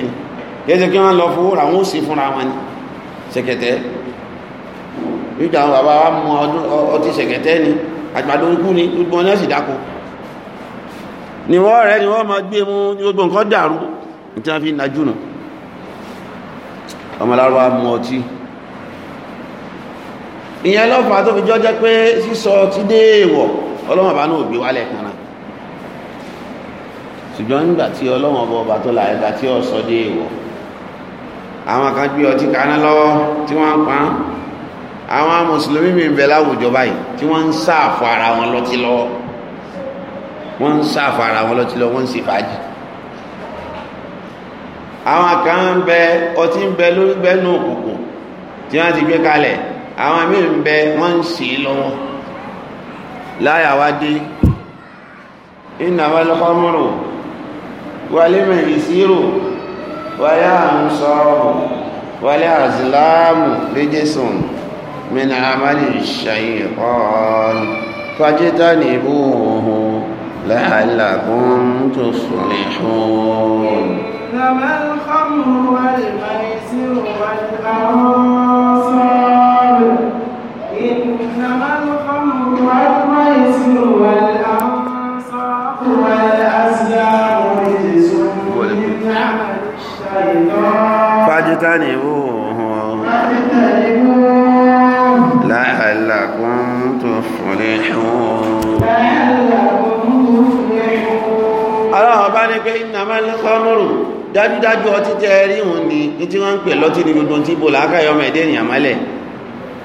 ní kí wọ́n lọ fowó ra wọ́n fúnra wọn ní ṣẹ̀kẹ̀tẹ̀ ìjọ àwọn bàbá wa mú ọtí sẹ̀kẹ̀tẹ́ ni àgbàdo ikú ni gbogbo ọ̀nà sì dákò ni wọ́n rẹ̀ ni wọ́n ma gbé mú gbogbo nǹkan dàrú tí wọ́n fi najú nà ọmọ lárúbá mú ọtí ìyẹn lọ́fà tó fi jọ jẹ́ pé sísọ ọlọ́mọ bá náà gbé wálẹ̀ kan náà ṣùgbọ́n àwọn kan gbé ọtí kaná lọ́wọ́ tí wọ́n pa àwọn mùsùlùmí mi ń bẹ láwùjọ báyìí tí wọ́n ń sáàfù ara wọn lọ́tí lọ́wọ́ wọ́n ń sáàfù ara wọn lọ́tí lọ́wọ́ wọ́n ń ṣe fàájì àwọn kan ń bẹ ọtí ń bẹ lórí bẹ́nu òkùnkùn tí wọ́n ti gbé kalẹ̀ àwọn míì ń bẹ wọ́n ń ṣe lọ́wọ́ láyà wá dé innamal khamru wal maisiru wal ansabu wal azlamu rijsun. من عمل الشيطان فاجتنبوه لعلكم تصلحون فما الخمر والميسر والأنصاب إنما الخمر والميسر والأنصاب والأزلام رجس من عمل الشيطان فاجتنبوه فاجتنبوه لعلكم تفلحون ọlọ́run bá ní pé innamal khamru dájúdájú ọtí tẹ́ rí òun ni ní tí wọ́n ń pè lọ́tí ní gbogbo tí bò lákàyọ ọmọ ẹ̀dẹ́ ènìyàn mọ́lẹ̀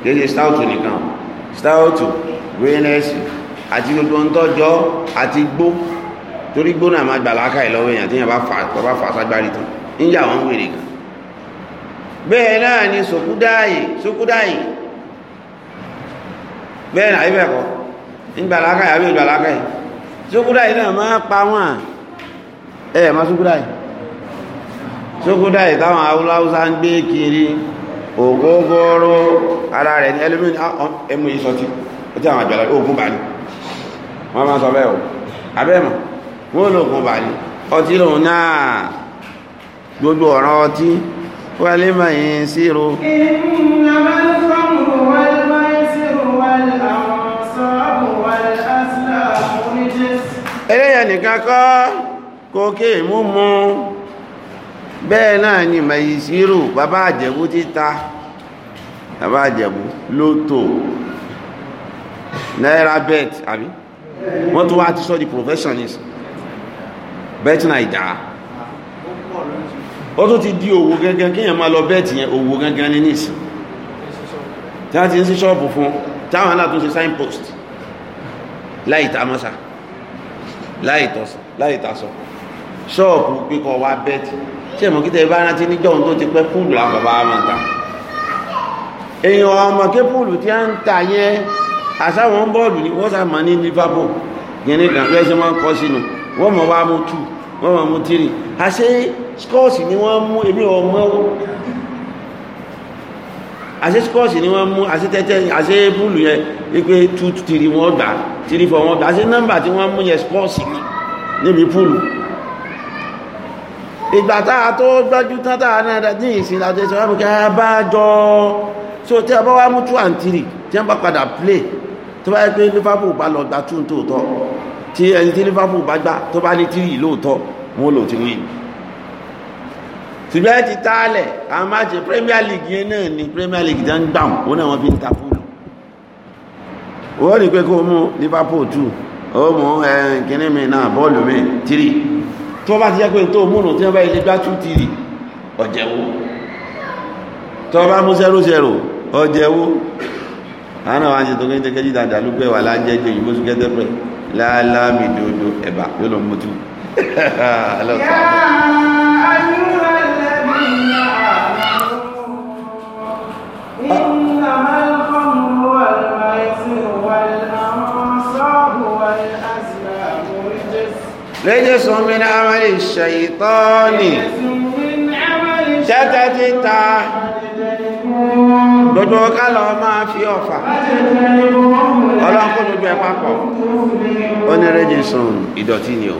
gẹ́gẹ́ stáòtù nìkan stáòtù greenesse àti gbogbo ń tọ́jọ́ àti gbó torí gbóná àmà gbà lákàyè lọ́wọ́ èèyàn tí yẹn bá fà ságbárí tán ni sòkúdáyì sòkúdáyì bẹ́ẹ̀ náà ibẹ̀ kọ́ ìgbàlákà yàbí ìgbàlákà yìí sókúdá yìí náà máa pa wọ́n ẹ̀ ma sókúdá yìí sókúdá yìí táwọn ń gbé kiri ògógóró ara rẹ̀ ní ẹlẹ́mìn ah, ah, ẹmú ìsọtí ó tí àwọn àjọ̀lá ogun bá ní máa sọ bẹ́ẹ̀ o abẹ́mọ̀ wọ́n lóògùn ọtí lòun náà gbogbo ọ̀ràn ọtí wálé yìí eléyàn nìkan kọ́ kókè múmú bẹ́ẹ̀ náà ni mẹ̀yì sírù bàbá àjẹ̀bú títa bàbá àjẹ̀bú lótò náírà bet àbí wọ́n tún wá ti sọ di professionist bet naija ó tún ti di òwò gangan kíyàn máa lọ bet yẹn òwò gangan ní nìsín tí wọ́n ti ń sí ṣọ́ọ̀bù fún táwọn aláàtúnṣe signpost láì tamọ́sà láì tasọ ṣọ́ọ̀bù pípọ̀ wá bẹ́ẹ̀tì ṣé ìmọ̀ kíta ìbá rántí níjọ́ ohun tó ti pẹ́ púùlù àwọn bàbá wa máa ń ta èèyàn ọmọ ké púùlù tí a ń ta yẹn àsáwọn bọ́ọ̀lù ni wọ́n sá máa ní Liverpool gẹ́ni kan bẹ́ẹ̀ ṣe máa ń kọ́ sínú wọ́n mọ̀ wá mú two wọ́n mọ̀ mú three àṣé scores ni wọ́n mú èmi ọmọ àṣẹ skọ́ọ̀sì ni wọ́n mú àṣẹ tẹ́tẹ́ àṣẹ búùlù yẹn wípé tú tìrì wọn gbà tìrì fọ wọn gbà àṣẹ nọ́mbà tí wọ́n mú yẹn skọ́ọ̀sì ni níbi púùlù ìgbà tá a tó gbájú tán tá a náà ní ìsìn àti ìsìn wọn kí a bá jọ so tí a bá wá mú tú àǹtìrì tí wọ́n bá padà play tó bá yẹ pé Liverpool bá lọ gba tú tòótọ́ tí ẹni tí Liverpool bá gbà tó bá ní tìrì lóòótọ́ wọn ò lò tí wọ́n yìí ṣùgbọ́n ẹ ti tààlẹ̀ a máa ṣe premier league yẹn náà ni premier league tó ń gbà wọn ó náà wọn fi ń ta fóònù ó rí pé kó mú liverpool two ó mú kíní mi náà bọ́ọ̀lù mi tírì tó bá ti jẹ́ pé tó múnú tí wọ́n bá ilé gbá two tírì ọ̀jẹ̀wó tó bá mú zero zero ọ̀jẹ̀wó àwọn àwọn àti tókè tẹkẹ jí dàdà ló pé wà láńjẹ jẹ òyìnbó sùn kẹtẹ pẹ láàlámì dodo ẹbà yóò lọ mú tu. <laughs> رجس من عمل الشيطان tẹ́tẹ́títa gbogbo kálọ̀ máa fi ọ̀fà ọlọ́kùn gbogbo ẹ̀pápọ̀ onírẹ́jìsùn ìdọ̀tí ni o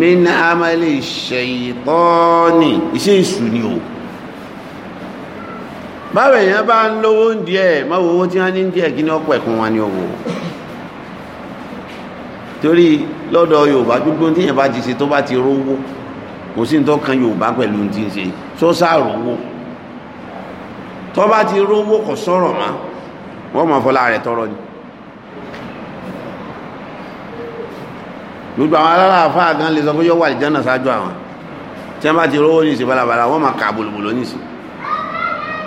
min amali ṣẹ̀yìtọ́ọ̀nì iṣẹ́ ìṣù ni o báwẹ̀ èèyàn bá ń lówó ń díẹ̀ tí wọ́n ní ń díẹ̀ kí ní ọ̀pọ̀ ẹ̀kún torí lọ́dọ̀ yorùbá gbogbo tí yẹn bá ti ṣe tó bá ti rówó kò sí tó kan yorùbá pẹ̀lú ti ń ṣe tó sáàrówó tó bá ti rówó kò sọ̀rọ̀ mọ́ wọ́n mọ̀ fọlá rẹ̀ tọrọ ni. gbogbo àwọn aláàfáà gan lè sọ pé yọ wà lè jẹ́nà ṣáájú àwọn tí wọ́n bá ti rówó nìṣe balabala wọ́n mọ̀ ká bòlòbòlò nìṣe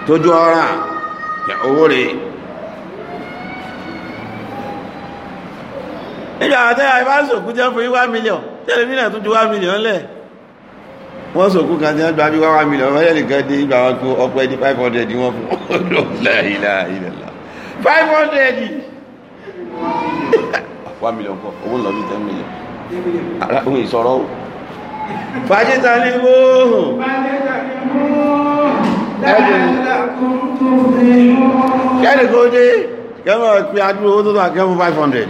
tójú ọ̀ràn owó rèé nígbà àwọn tẹ́lá ibà sòkú jẹ́ fún one million tẹ́lẹ̀ mí náà ju one million lẹ̀ wọ́n sòkú kan tí wọ́n gba bí one million wọ́n yẹ nìkan dé ìgbà wọn kó ọpọ ẹni five hundred wọn fún ọdún láìlá ìlẹ̀lá five hundred <laughs> one million kọ owó lọ bí ten million ara òun ìsọ̀rọ̀ o. fàjẹta ni mo. fàjẹta ni mo. dáadáa kúrú tó fi mú. kẹ́ni kó dé kẹ́mọ̀ pé adúlówó tó tó àkẹ́mú five hundred.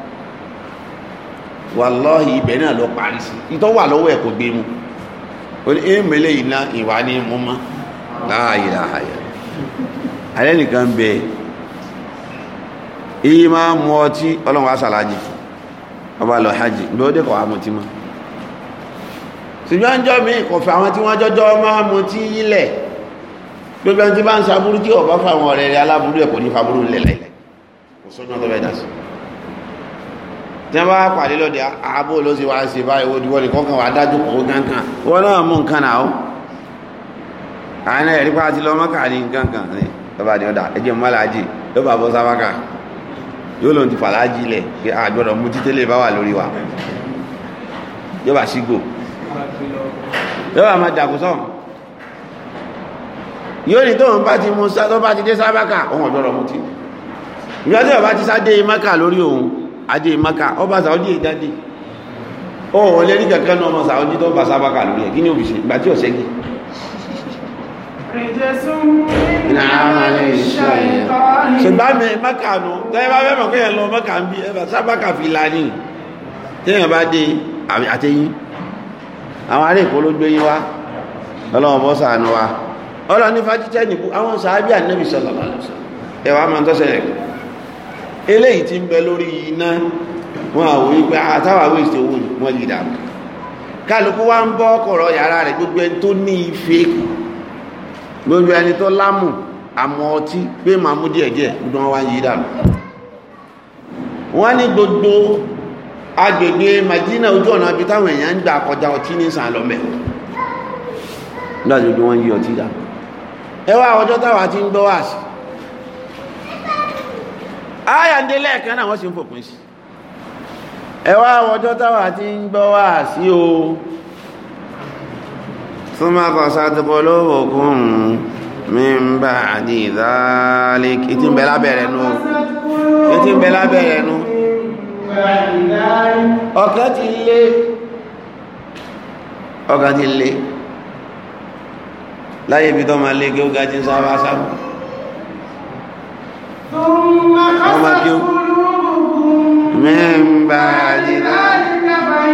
wàláhì ibẹ̀ náà lọ parí sí ìtọ́ wà lọ́wọ́ ẹ̀ kò gbé mu ó ní ìmẹ̀lẹ̀ iná ìwà ní mú mọ́ láàyè láàyè alẹ́ nìkan bẹ èyí máa ń mu ọtí ọlọ́run aṣàlájì ọba lọ hajj bí ó dẹ́kọ̀ àmọ̀tí mọ́ ṣùgbọ́n jọ mi kò fẹ́ àwọn tí wọ́n jọjọ́ máa mu tí yílẹ̀ gbogbo ẹni tí bá ń saburú tí ọba fáwọn ọ̀rẹ́ aláburú ẹ̀ ní faburú lẹ́lẹ̀ kò sọ́jọ́ tó bẹ́ẹ̀ dà sí tí wọ́n bá pàdé lọ́dẹ ààbò ah, ló sì wá ṣe báyìí wọ́n diwọ́lì kọ́kàn wà dájú kò gángan wọ́n náà mú nǹkan náà ó àárín ẹ̀rí pàtí lọ́mọ́ kà ní gángan ní bàbá ni ọ̀dà ẹjẹ̀ mọ́lájì ló bá bọ́ sábàkà yóò lòun ti fàlájì lẹ̀ pé àgbọ̀dọ̀ mú títẹ́lẹ̀ bá wà lórí wa yóò bá sígò yóò bá máa dàkú sọ́ọ̀ yóò ní tóun bá ti mú tó bá ti dé sábàkà òun ọ̀gbọ̀dọ̀ mú ti ìgbà tí ọba ti sá dé mọ́kà lórí òun ajé maka ọba sàódì ìdáde ọ̀hún lẹ́rí kankan náà ọmọ sàódì tó bá sábàkà lórí ẹ̀ kí ni òbí ṣe ìgbà tí ọ̀sẹ̀ gé ṣùgbọ́n mi maka nù tẹ́ bá fẹ́ mọ̀ pé ẹ̀ lọ maka ń bí ẹ bá sábàkà fi la ní téèyàn bá dé àtẹ̀yìn àwọn ará èkó ló gbé yín wá ọlọ́wọ́n bọ́ sàánú wa ọlọ́ni fájítẹ́ nìkú àwọn sàábíà nẹ́bì sọ̀lọ̀ ẹ̀wà máa ń tọ́sẹ̀lẹ̀ eléyìí ti ń bẹ lórí iná wọn àwọn ìgbà àtàwà wíìsì wọn lè dànù kálukú wá ń bọ́ kọ̀rọ̀ yàrá gbogbo ẹni tó ní ife gbogbo ẹni tó lámù àmọ́ ọtí pé màá mú díẹ̀díẹ̀ gbogbo wọn wá yí ní gbogbo agbègbè Madina ojú ọ̀nà ibi táwọn èèyàn ń gbà kọjá ọtí ní sàn lọ́mẹ́ gbogbo wọn yí ọtí ti ń gbọ́ wá aya ń dé lẹ́ẹ̀kan náà wọ́n sì ń fòpin sí ẹ ọjọ́ ti ń gbọ́ o súnmọ́ kan sátúkọ lóòkùn mi ń bá àdì ìdálé ìtì ń bẹ ìtì ń bẹ ti lé ọ̀kan ti lé láyé ibi tó máa lé kí ó ga ń ọmọ kí ó mẹ́mbà àdínà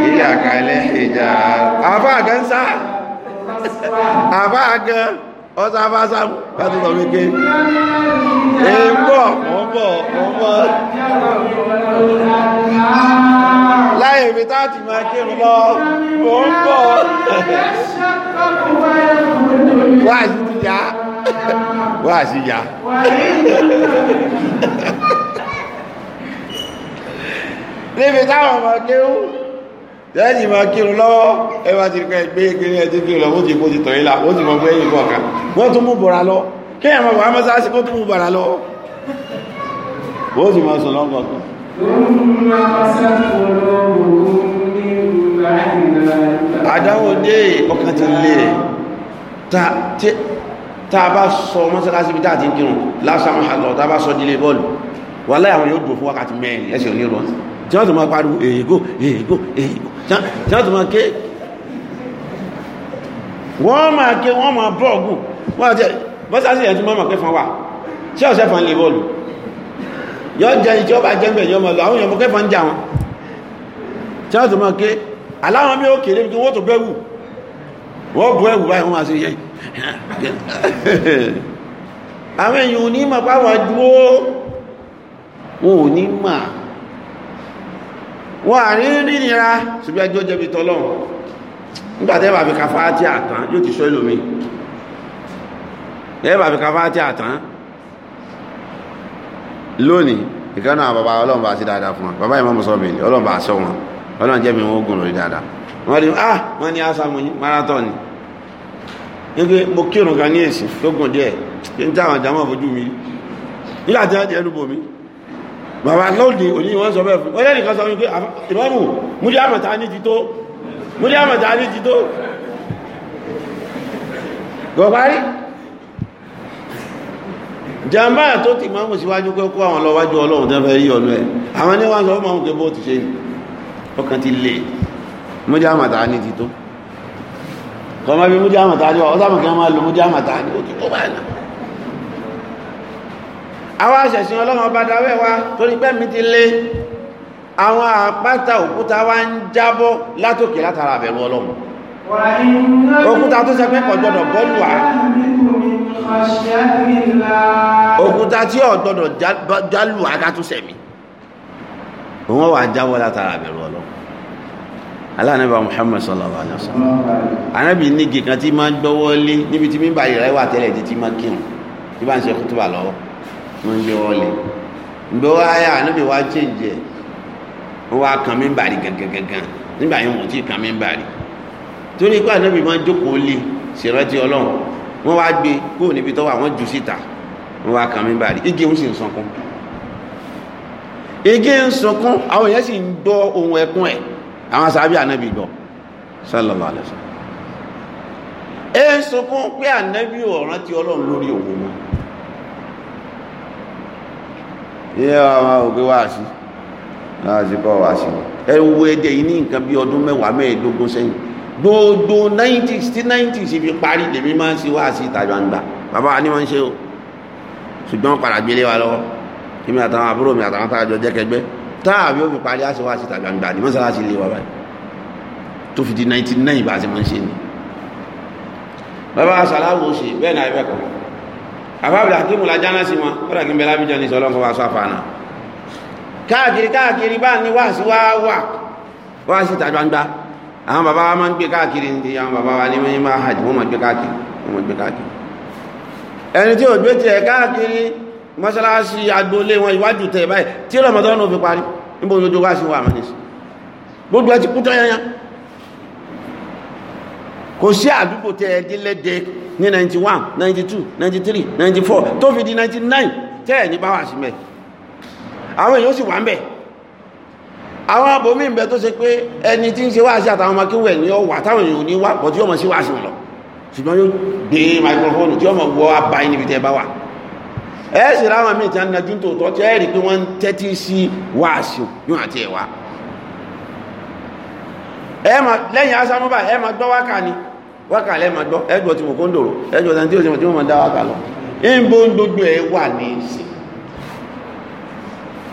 ìyàkálẹ̀ ìjà àbá àgán sá àbá àgán ọ̀sá bá sáàmù láti sọ wípé èèpọ̀ ọ̀pọ̀ ọ̀pọ̀ láyé mi táàtì máa kírun lọ mò ń bọ̀ wáàsí ti níbi táwọn ọmọ kéwú tẹ́ẹ̀dì máa kírun lọ́wọ́ ẹwà ti ká ẹgbẹ́ kiri ẹtí kiri lọ wọ́n ti kó ti tọ̀ ilá wọ́n ti mọ pé yìí kọ̀ọ̀kan wọ́n tún mú bọ̀ra lọ kéèyàn mọ̀ wọ́n mọ́sá sí kó tún mú bọ̀ra lọ wọ́n sì máa sọ lọ́kọ̀ kan. àdáwò dé ọkàn ti lé ẹ̀ tá a bá sọ mọ́sálásí bí tá a kírun lásán àlọ́ tá bá sọ dílé bọ́ọ̀lù wàláhì àwọn yóò dùn fún wákàtí mẹ́rin ẹsẹ̀ onírọ̀ tí wọ́n tún èègò èègò èègò tí wọ́n ké wọ́n máa ké wọ́n máa bọ́ọ̀gù wọ́n àti bọ́sásí ẹ̀ tún máa fún wa tí ọ̀sẹ̀ fún lè bọ́ọ̀lù yọ jẹ ìjọba jẹ́gbẹ̀ yọ mọ̀ lọ àwọn èèyàn fún jà wọn tí wọ́n ké aláwọn bí ó kéré bí wọ́n tó bẹ́wù wọ́n bọ́ ẹ̀wù báyìí wọ́n máa ṣe yẹ àwọn èèyàn ò ní mọ̀ pàwọn dúró wọn ò ní mọ̀ wọ́n àárín rírìnra ṣùgbọ́n ẹjọ́ jẹ́bi tọ́lọ́run nígbà tẹ́ bàbí ka fáátì àtàn yóò ti sọ ẹlòmí tẹ́ bàbí ka fáátì àtàn lónìí ìkànnà bàbá ọlọ́run bá sí dáadáa fún wa bàbá ìmọ̀ mùsọ̀bìn ọlọ́run bá sọ wọn ọlọ́run jẹ́bi wọn ogun lórí dáadáa wọ́n rí ah wọ́n ní asamu marathon ni nígbé mo kírun kan ní èsì tó gùn díẹ̀ kí n táwọn jàmọ́ fojú mi nígbà tí wọ́n jẹ́ bàbá lónìí òní wọ́n sọ bẹ́ẹ̀ fún ọjọ́ nìkan sọ wípé ìmọ́mù múlí àmọ̀ta ní ti tó múlí àmọ̀ta ní ti tó gọ̀bárí jàmbá tó ti mọ́mù síwájú pé kó àwọn lọ́wájú ọlọ́run tẹ́fẹ́ rí ọ̀nà ẹ̀ àwọn ní wọ́n sọ mọ́mù pé bó ti ṣe ní ọkàn ti lè múlí àmọ̀ta ní àwọn aṣẹ̀sìn ọlọ́run bá dáwẹ́ wá torí pé mi ti lé àwọn àpáta òkúta wá ń jábọ́ látòkè látara àbẹ̀rù ọlọ́run òkúta tó sẹpẹ́ kò gbọdọ̀ bọ́lù wá òkúta tí ò gbọdọ̀ jálù wá tó sẹ̀mí wọ́n wà jábọ́ látara àbẹ̀rù ọlọ́run aláàrẹ́bà Muhammad sallallahu alaihi wasallam anábì nígi kan tí máa gbọ́wọ́ lé níbi tí mímbà ìrẹ́wà tẹ́lẹ̀ wọ́n gbé wọn lè gbé wá yà níbi wá chẹ́ǹjẹ̀ wọ́n wá kan mí bàrí gangan nígbà yẹn wọ́n ti kan mí bàrí torí pé ànábì máa jókòó lé ṣèrántí ọlọ́run wọ́n wá gbé kúrò níbi tó wà wọ́n jù síta wọ́n wá kan mí bàrí igi ń sì ń sọkún igi ń sọkún àwọn èèyàn sì ń gbọ́ ohun ẹkún ẹ̀ àwọn sàbí ànábì gbọ́ sallallahu alaihi wasallam ẹ̀ ń pé ànábì ọ̀rántí ọlọ́run lórí òun náà yíyá wa máa wò pé wá sí náà sí kọ́ wá sí ẹ wo èdè yìí ní nǹkan bí ọdún mẹ́wàá mẹ́ẹ̀ẹ́dógún sẹ́yìn gbogbo 90s tí 90s fi parí lèmi máa ń ṣe wá sí ìta gbangba bàbá wa ni wọ́n ń ṣe o ṣùgbọ́n padà gbélé wa lọ́wọ́ èmi àtàwọn àbúrò mi àtàwọn tá a jọ jẹ́ kẹgbẹ́ táàbí ó fi parí á ṣe wá sí ìta gbangba ni mọ́sálásí lè wá báyìí tó fi di 99 bá a ṣe máa ń ṣe ni bàbá aṣáláwo ṣe bẹ́ẹ̀ ni àìbẹ́kọ̀ọ́ àbábìlì hakimu la jáná sí wọn kọ́dà kí n bẹ lábíjọ ní sọlọ́n kọ́ bá sọ àfàànà káàkiri káàkiri bá ní wáàsí wá wà wáàsí ta gbangba àwọn bàbá wa máa ń gbé káàkiri ní àwọn bàbá wa ní mẹ́yìn máa hajj wọ́n máa gbé káàkiri wọ́n máa gbé káàkiri ẹni tí ò gbé tiẹ̀ káàkiri mọ́sálásí agboolé wọn ìwájú tẹ̀ báyìí tí rọmọdọ́nù fi parí níbo ojoojúmọ́ wá sí wà mọ́ni gbogbo ẹ ti kú tọ́yányán kò sí àdúgbò tẹ ẹ ní ninety one ninety two ninety three ninety four tó fi di ninety tẹ ẹ ní báwa sí mẹ àwọn èèyàn sì wà ń bẹ àwọn abòmí tó ṣe pé ẹni tí ń ṣe wáàsí àtàwọn ọmọ kí ní ọwà táwọn èèyàn ò ní wá tí sí wọn lọ yóò gbé microphone tí wọ abá yín níbi tẹ ẹ̀ẹ́mà lẹ́yìn asámúbà ma gbọ́ wákà ni wákà lẹ́ẹ̀mà gbọ́ ẹ̀gbọ́ tí mo kó ń dòrò ẹ̀gbọ́ tí ó ti mọ̀ dá wákà lọ ìbò ń gbogbo ẹ̀ wà ní ìsìn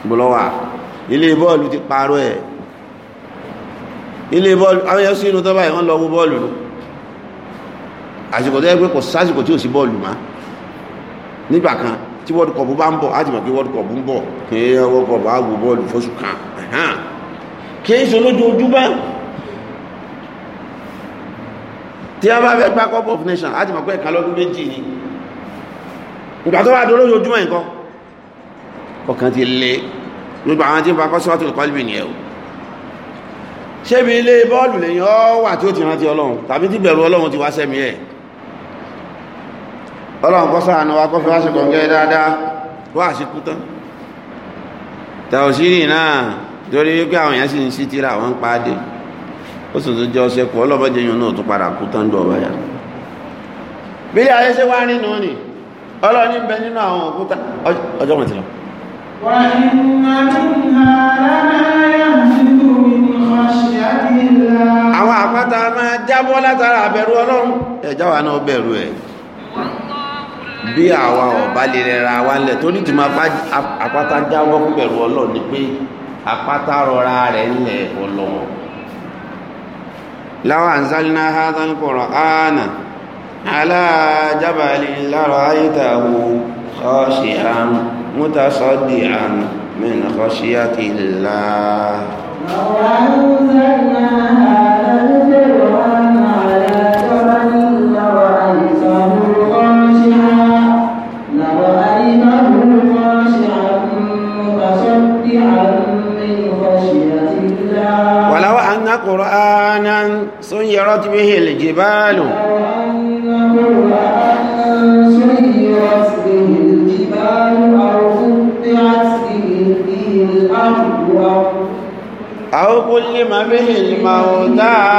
bọ́lọ́wà ilé bọ́ọ̀lù ti parọ́ ẹ̀ ilé bọ́ọ̀lù àwọn yẹn inú tọ́ba lọ wo bọ́ọ̀lù nù àsìkò tó yẹ pé kò sásìkò tí ò sí bọ́ọ̀lù nígbà kan tí bá ń bọ̀ mọ̀ ń bọ̀ kí á bọ́ọ̀lù fọ́sùn tí a bá fẹ́ gbá cup of nation á ti mọ̀ pé ẹ̀ka méjì ni ìgbà tó wà dúró lójoojúmọ́ nǹkan ọkàn ti lé gbogbo àwọn tí ń fa kọ́sọ́ tó kọ́lù nìyẹn o ṣé ibi ilé bọ́ọ̀lù lèyìn ọ wà tí ó ti rántí ọlọ́run tàbí tí bẹ̀rù ọlọ́run ti wá sẹ́mi ẹ̀ ọlọ́run kọ́ sáànù wa kọ́ fi wá sí kọ̀ǹgẹ́ dáadáa wá sí kú tán tàòsírì náà torí wípé àwọn èèyàn sì ń sí tíra àwọn ń pa á dé ó sì tún jẹ́ ọsẹ pọ̀ ọlọ́mọdé yìí náà tún padà kú tán bí i ayé ṣe wá ọlọ́ọ̀ni ń bẹ nínú àwọn òkúta ọjọ́ wọn ti lọ. àwọn àpáta máa jábọ́ látara àbẹ̀rù ọlọ́run ẹ̀já wa náà bẹ̀rù ẹ̀ bí àwa lè rẹra wa tó ní bá àpáta ni pé àpáta rọra لو أنزلنا هذا القرآن على جبل لرأيته خاشعا متصدعا من خشية الله لو أنزلنا هذا على جبل لرأيته خاشعا لرأيته خاشعا متصدعا من خشية الله ولو أن قرآن قرآنا سيرت به الجبال سيرت به الجبال أو قطعت به الأرض أو كلم به الموتى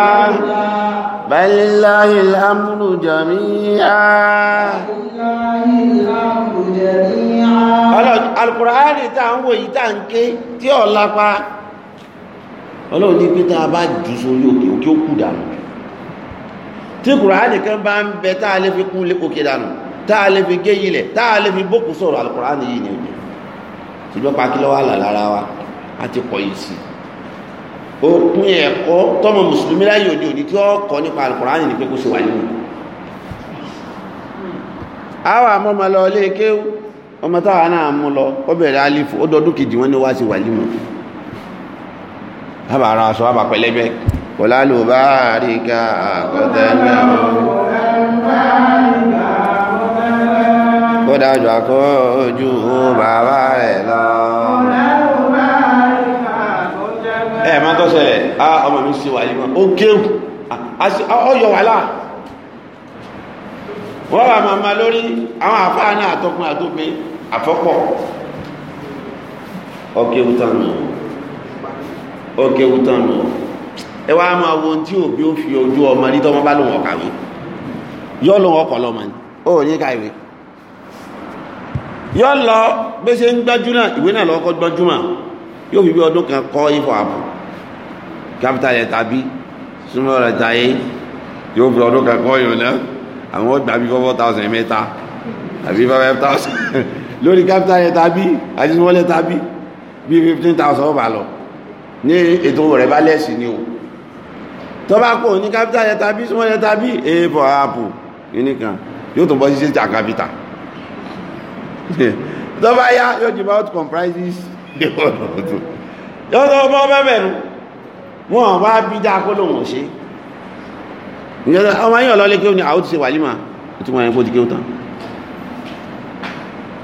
بل لله الأمر جميعا Al-Qur'an tá ń wò yìí tá ń ké tí ọ̀lápá ọlọ́run ní pé a bá jù sórí òkè òkè ó kù dànù tí kùránì kan bá ń bẹ tá a lè fi kún òkè dànù tá a lè fi gé yìnlẹ̀ tá a lè fi bókù sọ̀rọ̀ yìí ni wa a ti kọ̀ yìí sí òpin ẹ̀kọ́ tọmọ mùsùlùmí láyé òní tí ó kọ́ nípa ni pé kó ṣe wà nínú àwọn ọmọ táwa náà mú lọ ó bẹ̀rẹ̀ alifu ó wọn àbà ara aṣọ àbà pẹlẹbẹ wọlá ló bá àríkà àkọtẹlẹ kódà jù àkọjú bàbá rẹ lọ. ẹ má tó se. á ọmọ mi ṣe wàlí mọ́ ó kéwù ó yọ wàhálà wọ́n wà máa ma lórí àwọn àfáà náà àtọkùn àtọkùn àfọ́pọ̀ ọkẹ́ òtàn náà ó kéwu tán nù ẹ wá máa wo ohun tí òbí ó fi ojú ọmọ ní tọ́mọ bá lòun ọ̀kàwé yọ lòun ọkọ̀ lọ́mọ ni ó ní káìwé yọ lọ bí ṣe ń gbájú náà ìwé náà lọ́kọ́ gbájú mà yóò fi bí ọdún kan kọ́ ifọ̀ àbù capital ẹ̀ tàbí súnmọ́ rẹ̀ tàyé yóò fi ọdún kan kọ́ ìrìn náà àwọn ọgbà bíi four thousand mẹ́ta àbí five thousand <laughs> lórí capital ẹ̀ tàbí àti súnmọ́ rẹ̀ tàbí bíi fifteen thousand ọba lọ ní ètò rẹ̀ bá lẹ́sì ni o tó bá kó ní capital letter b small letter b a for apple nìkan yóò tún bọ́ sí sẹ́ńtà capital <laughs> tó bá yá yóò di about comprises the whole of it yóò tó bọ́ bẹ́ẹ̀ nu wọn bá bí dáa kó lòun ṣe ọmọ yín ọlọ́lé kí ó ní àwọn ti ṣe wàlímà tí wọ́n yẹn kó ti kí ó tán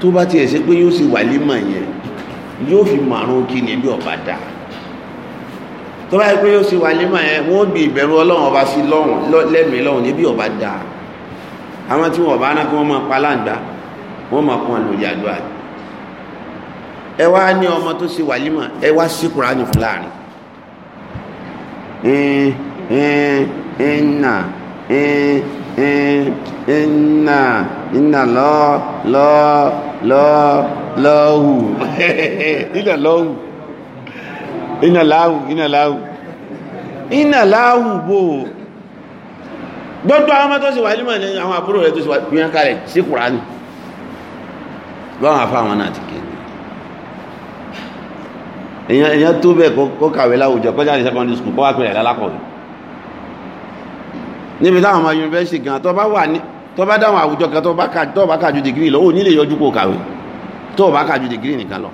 tó bá tiẹ̀ ṣe pé yóò ṣe wàlímà yẹn yóò fi màrún kí ni bí ọ̀bá tó báyìí pé yóò ṣe wàlímà yẹn wọ́n bí ìbẹ̀rù ọlọ́run ọba sí lọ́rùn lẹ́mìí lọ́rùn níbi ọba dà àwọn tí wọ́n bá ná kí wọ́n máa pa láǹgbá wọ́n máa kún àlòyè àdúrà ẹ wá ní ọmọ tó ṣe wàlímà ẹ wá sí kùránì fún láàrin ẹnà ẹnà ẹnà lọ lọ lọ lọ́hù ẹnà <laughs> lọ́hù iná láhù iná láhù iná láhù bò gbogbo àwọn tó ṣe wà nímọ̀ ní àwọn àbúrò rẹ̀ tó ṣe wà gbìyàn kalẹ̀ sí kùránì báwọn afá àwọn náà ti kéde èyàn tó bẹ́ẹ̀ kó kàwé láwùjọ kọjá ní secondary school kọ́ wá pẹ̀lẹ̀ lálákọ̀wé níbi táwọn ọmọ yunifásitì gan tó bá wà ní tó bá dáwọn àwùjọ kan tó bá kàjú dìgírì lọ ó nílé yọjú kó kàwé tó bá kàjú dìgírì nìkan lọ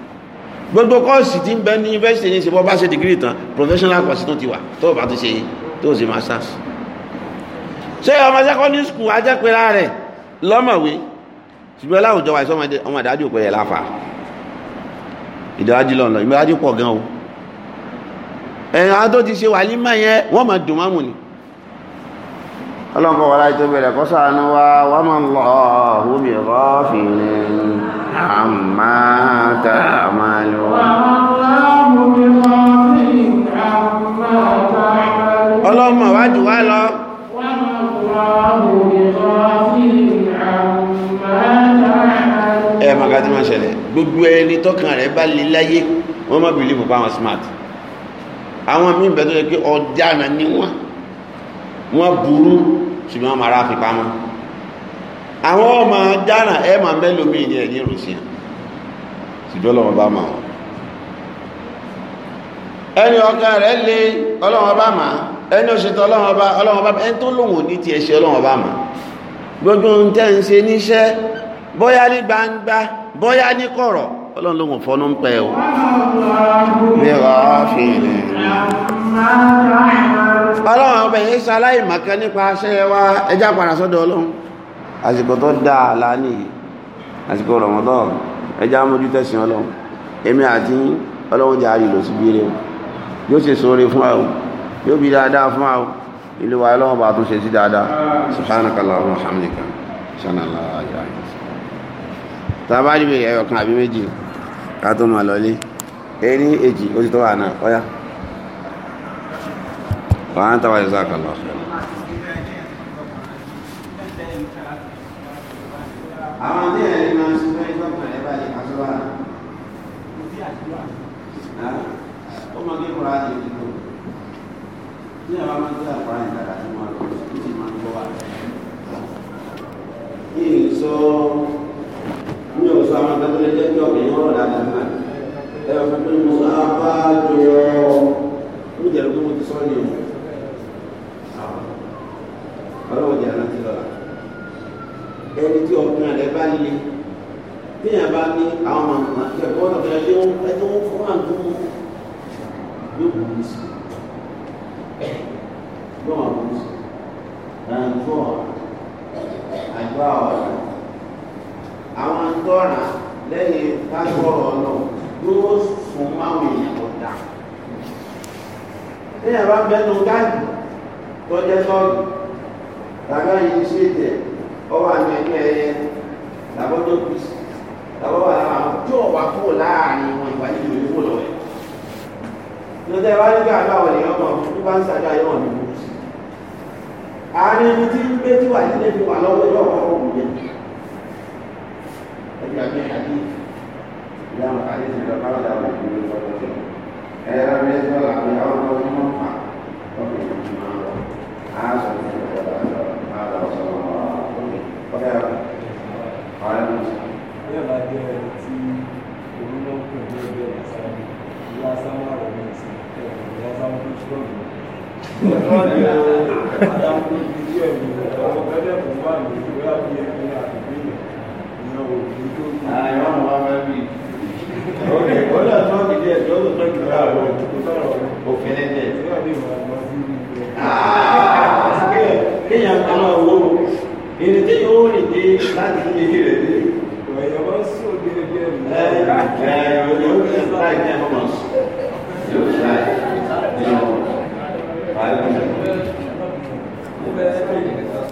gbogbo kọ́ọ̀sì tí ń bẹ ní yunifásitì ní ìṣèbọ́ bá ṣe dìgírì tán professional course tó ti wà tó bá ti ṣe tó ṣe masters ṣé ọmọ secondary school ajẹ́pẹ̀lá rẹ̀ lọ́mọ̀wé ṣùgbọ́n láwùjọ wa ìṣọ́mọdé ọmọ ìdájú òpin ẹ̀ láfa ìdájú lọ́nà ìdájú pọ̀ gan o ẹ̀yàn tó ti ṣe wàlímà yẹn wọ́n mọ̀ dùn mọ́mù ni ọlọ́nkọ̀ wọ́n láì tó bẹ̀rẹ̀ kọ́ sànú wa wà máa ń lọ ọ̀hún mi rọ́ọ̀fìnrin àmà tààmàlú. ọlọ́mọ wájú wá lọ. ẹ màgá tí máa ṣẹlẹ̀ gbogbo ẹni tọ́kàn rẹ̀ bá lè láyé wọ́n má bìlí púpọ̀ àwọn smart àwọn míì bẹ̀ tó yẹ pé ọ̀daràn ni wọ́n wọ́n burú ṣùgbọ́n ọmọ ara fi pamọ́ àwọn ọmọ dára ẹ máa mẹ́lòmíì ní ẹ̀yìn ìrùsìn ṣùgbọ́n lọ́wọ́ bá máa wọn ẹni ọkàn rẹ̀ lé ọlọ́wọ́ bá máa ẹni òṣètò ọlọ́wọ́ bá ọlọ́wọ́ bá ẹni tó lòun ní ti ẹ̀ṣẹ̀ ọlọ́wọ́ bá máa gbogbo ń tẹ́ ń ṣe níṣẹ́ bóyá ní gbangba bóyá ní kọ̀rọ̀ ọlọ́run lòun fọ́nú ń pẹ́ o bí wàá fi rìn ọlọ́run ọbẹ̀ yìí ṣaláì màkẹ́ nípa aṣẹ́ wa ẹjá padà sọ́dọ̀ ọlọ́run àsìkò tó dáa láàní àsìkò rọ̀mọ́dọ́ ẹjá mójú tẹ̀sìn ọlọ́run èmi àti ọlọ́run jà àrìlò sí bíire yóò ṣe sóore fún àwọn yóò bí dáadáa fún àwọn ìlú wa ọlọ́run bá tún ṣe sí dáadáa subhanakallahumma wa hamdika sanàlá ayé tàbá rí ẹyọkan àbí وأنت وجزاك الله خير àwọn tí ẹ̀rí máa ń sọ pé gbọ́dọ̀ ẹ̀ báyìí àtúwà ó mọ kí kúrò àti ìdìbò ní àwọn máa ń tẹ àkùrá ìdàgbà tí wọn lọ sí ti máa ń gbọ́ wà. mi ò sọ ẹni tí ọkùnrin rẹ bá le téèyàn bá ní àwọn màmá ẹ̀kọ́ ọ̀dọ̀ ẹni tí wọ́n fún àdó yóò wù mí sí yóò wà mí sí dànù àjọ àwọn àwọn tọ́ra lẹ́yìn kájọ́rọ̀ ọlọ yóò fún àwọn èèyàn ọ̀dà téèyàn bá mẹ́nu gáàdì tọ́jẹ́ sọ́ọ̀dù tàbí àyè ṣe tẹ̀ ọwọ́ àmì yẹn làbọ̀ tó kù sí làbọ̀ wà lára àwọn tí wọ́n wá kúrò láàrin wọn ìwà nínú ìlú kúrò lọ́wọ́ ẹ̀. lọ́tẹ̀ wá nígbà àbáwọ̀ lèèyàn mọ̀ tó bá ń sàdá yọ̀ ní kúrò sí. àárín ibi tí ń gbé tí wà nílé fi wà lọ́wọ́ yọ̀ wọ́n kò wù yẹn. ẹgbẹ́ àgbẹ̀ àbí ìyáwó àti ìjọba bá wà láwọn ìlú ọ̀tọ̀ ẹ̀rọ mẹ́tọ́ làwọn ìyáwó ọ̀dà ààrẹ ló sọ. bẹ́ẹ̀ máa jẹ́ ẹni tí olúmọ̀ ń pè ní ẹgbẹ́ ìyàsáwọ̀ ìyàsáwọ̀ àrọ̀ ní ìsìn ìyàsáwọ̀ tó ṣọ́ mi. ọ̀dọ́ ni o àtàwọn olùdíje ẹ̀mí ọ̀dọ́ bẹ́ẹ̀ kò wà ní ìwé àbí ẹ̀mí àdúgbò yẹn ìyẹn ò ní tó kù. àyàn ọmọ wa máa bí òkè kọ́lá tọ́ọ̀kì díẹ̀ tọ́ọ̀kì tọ́ọ̀kì láàárọ̀ òfin ẹ̀dẹ̀. kéèyàn kan máa wó in the only day that we hear it. When you want to see what you hear it. Yeah, yeah, yeah, yeah, yeah, yeah,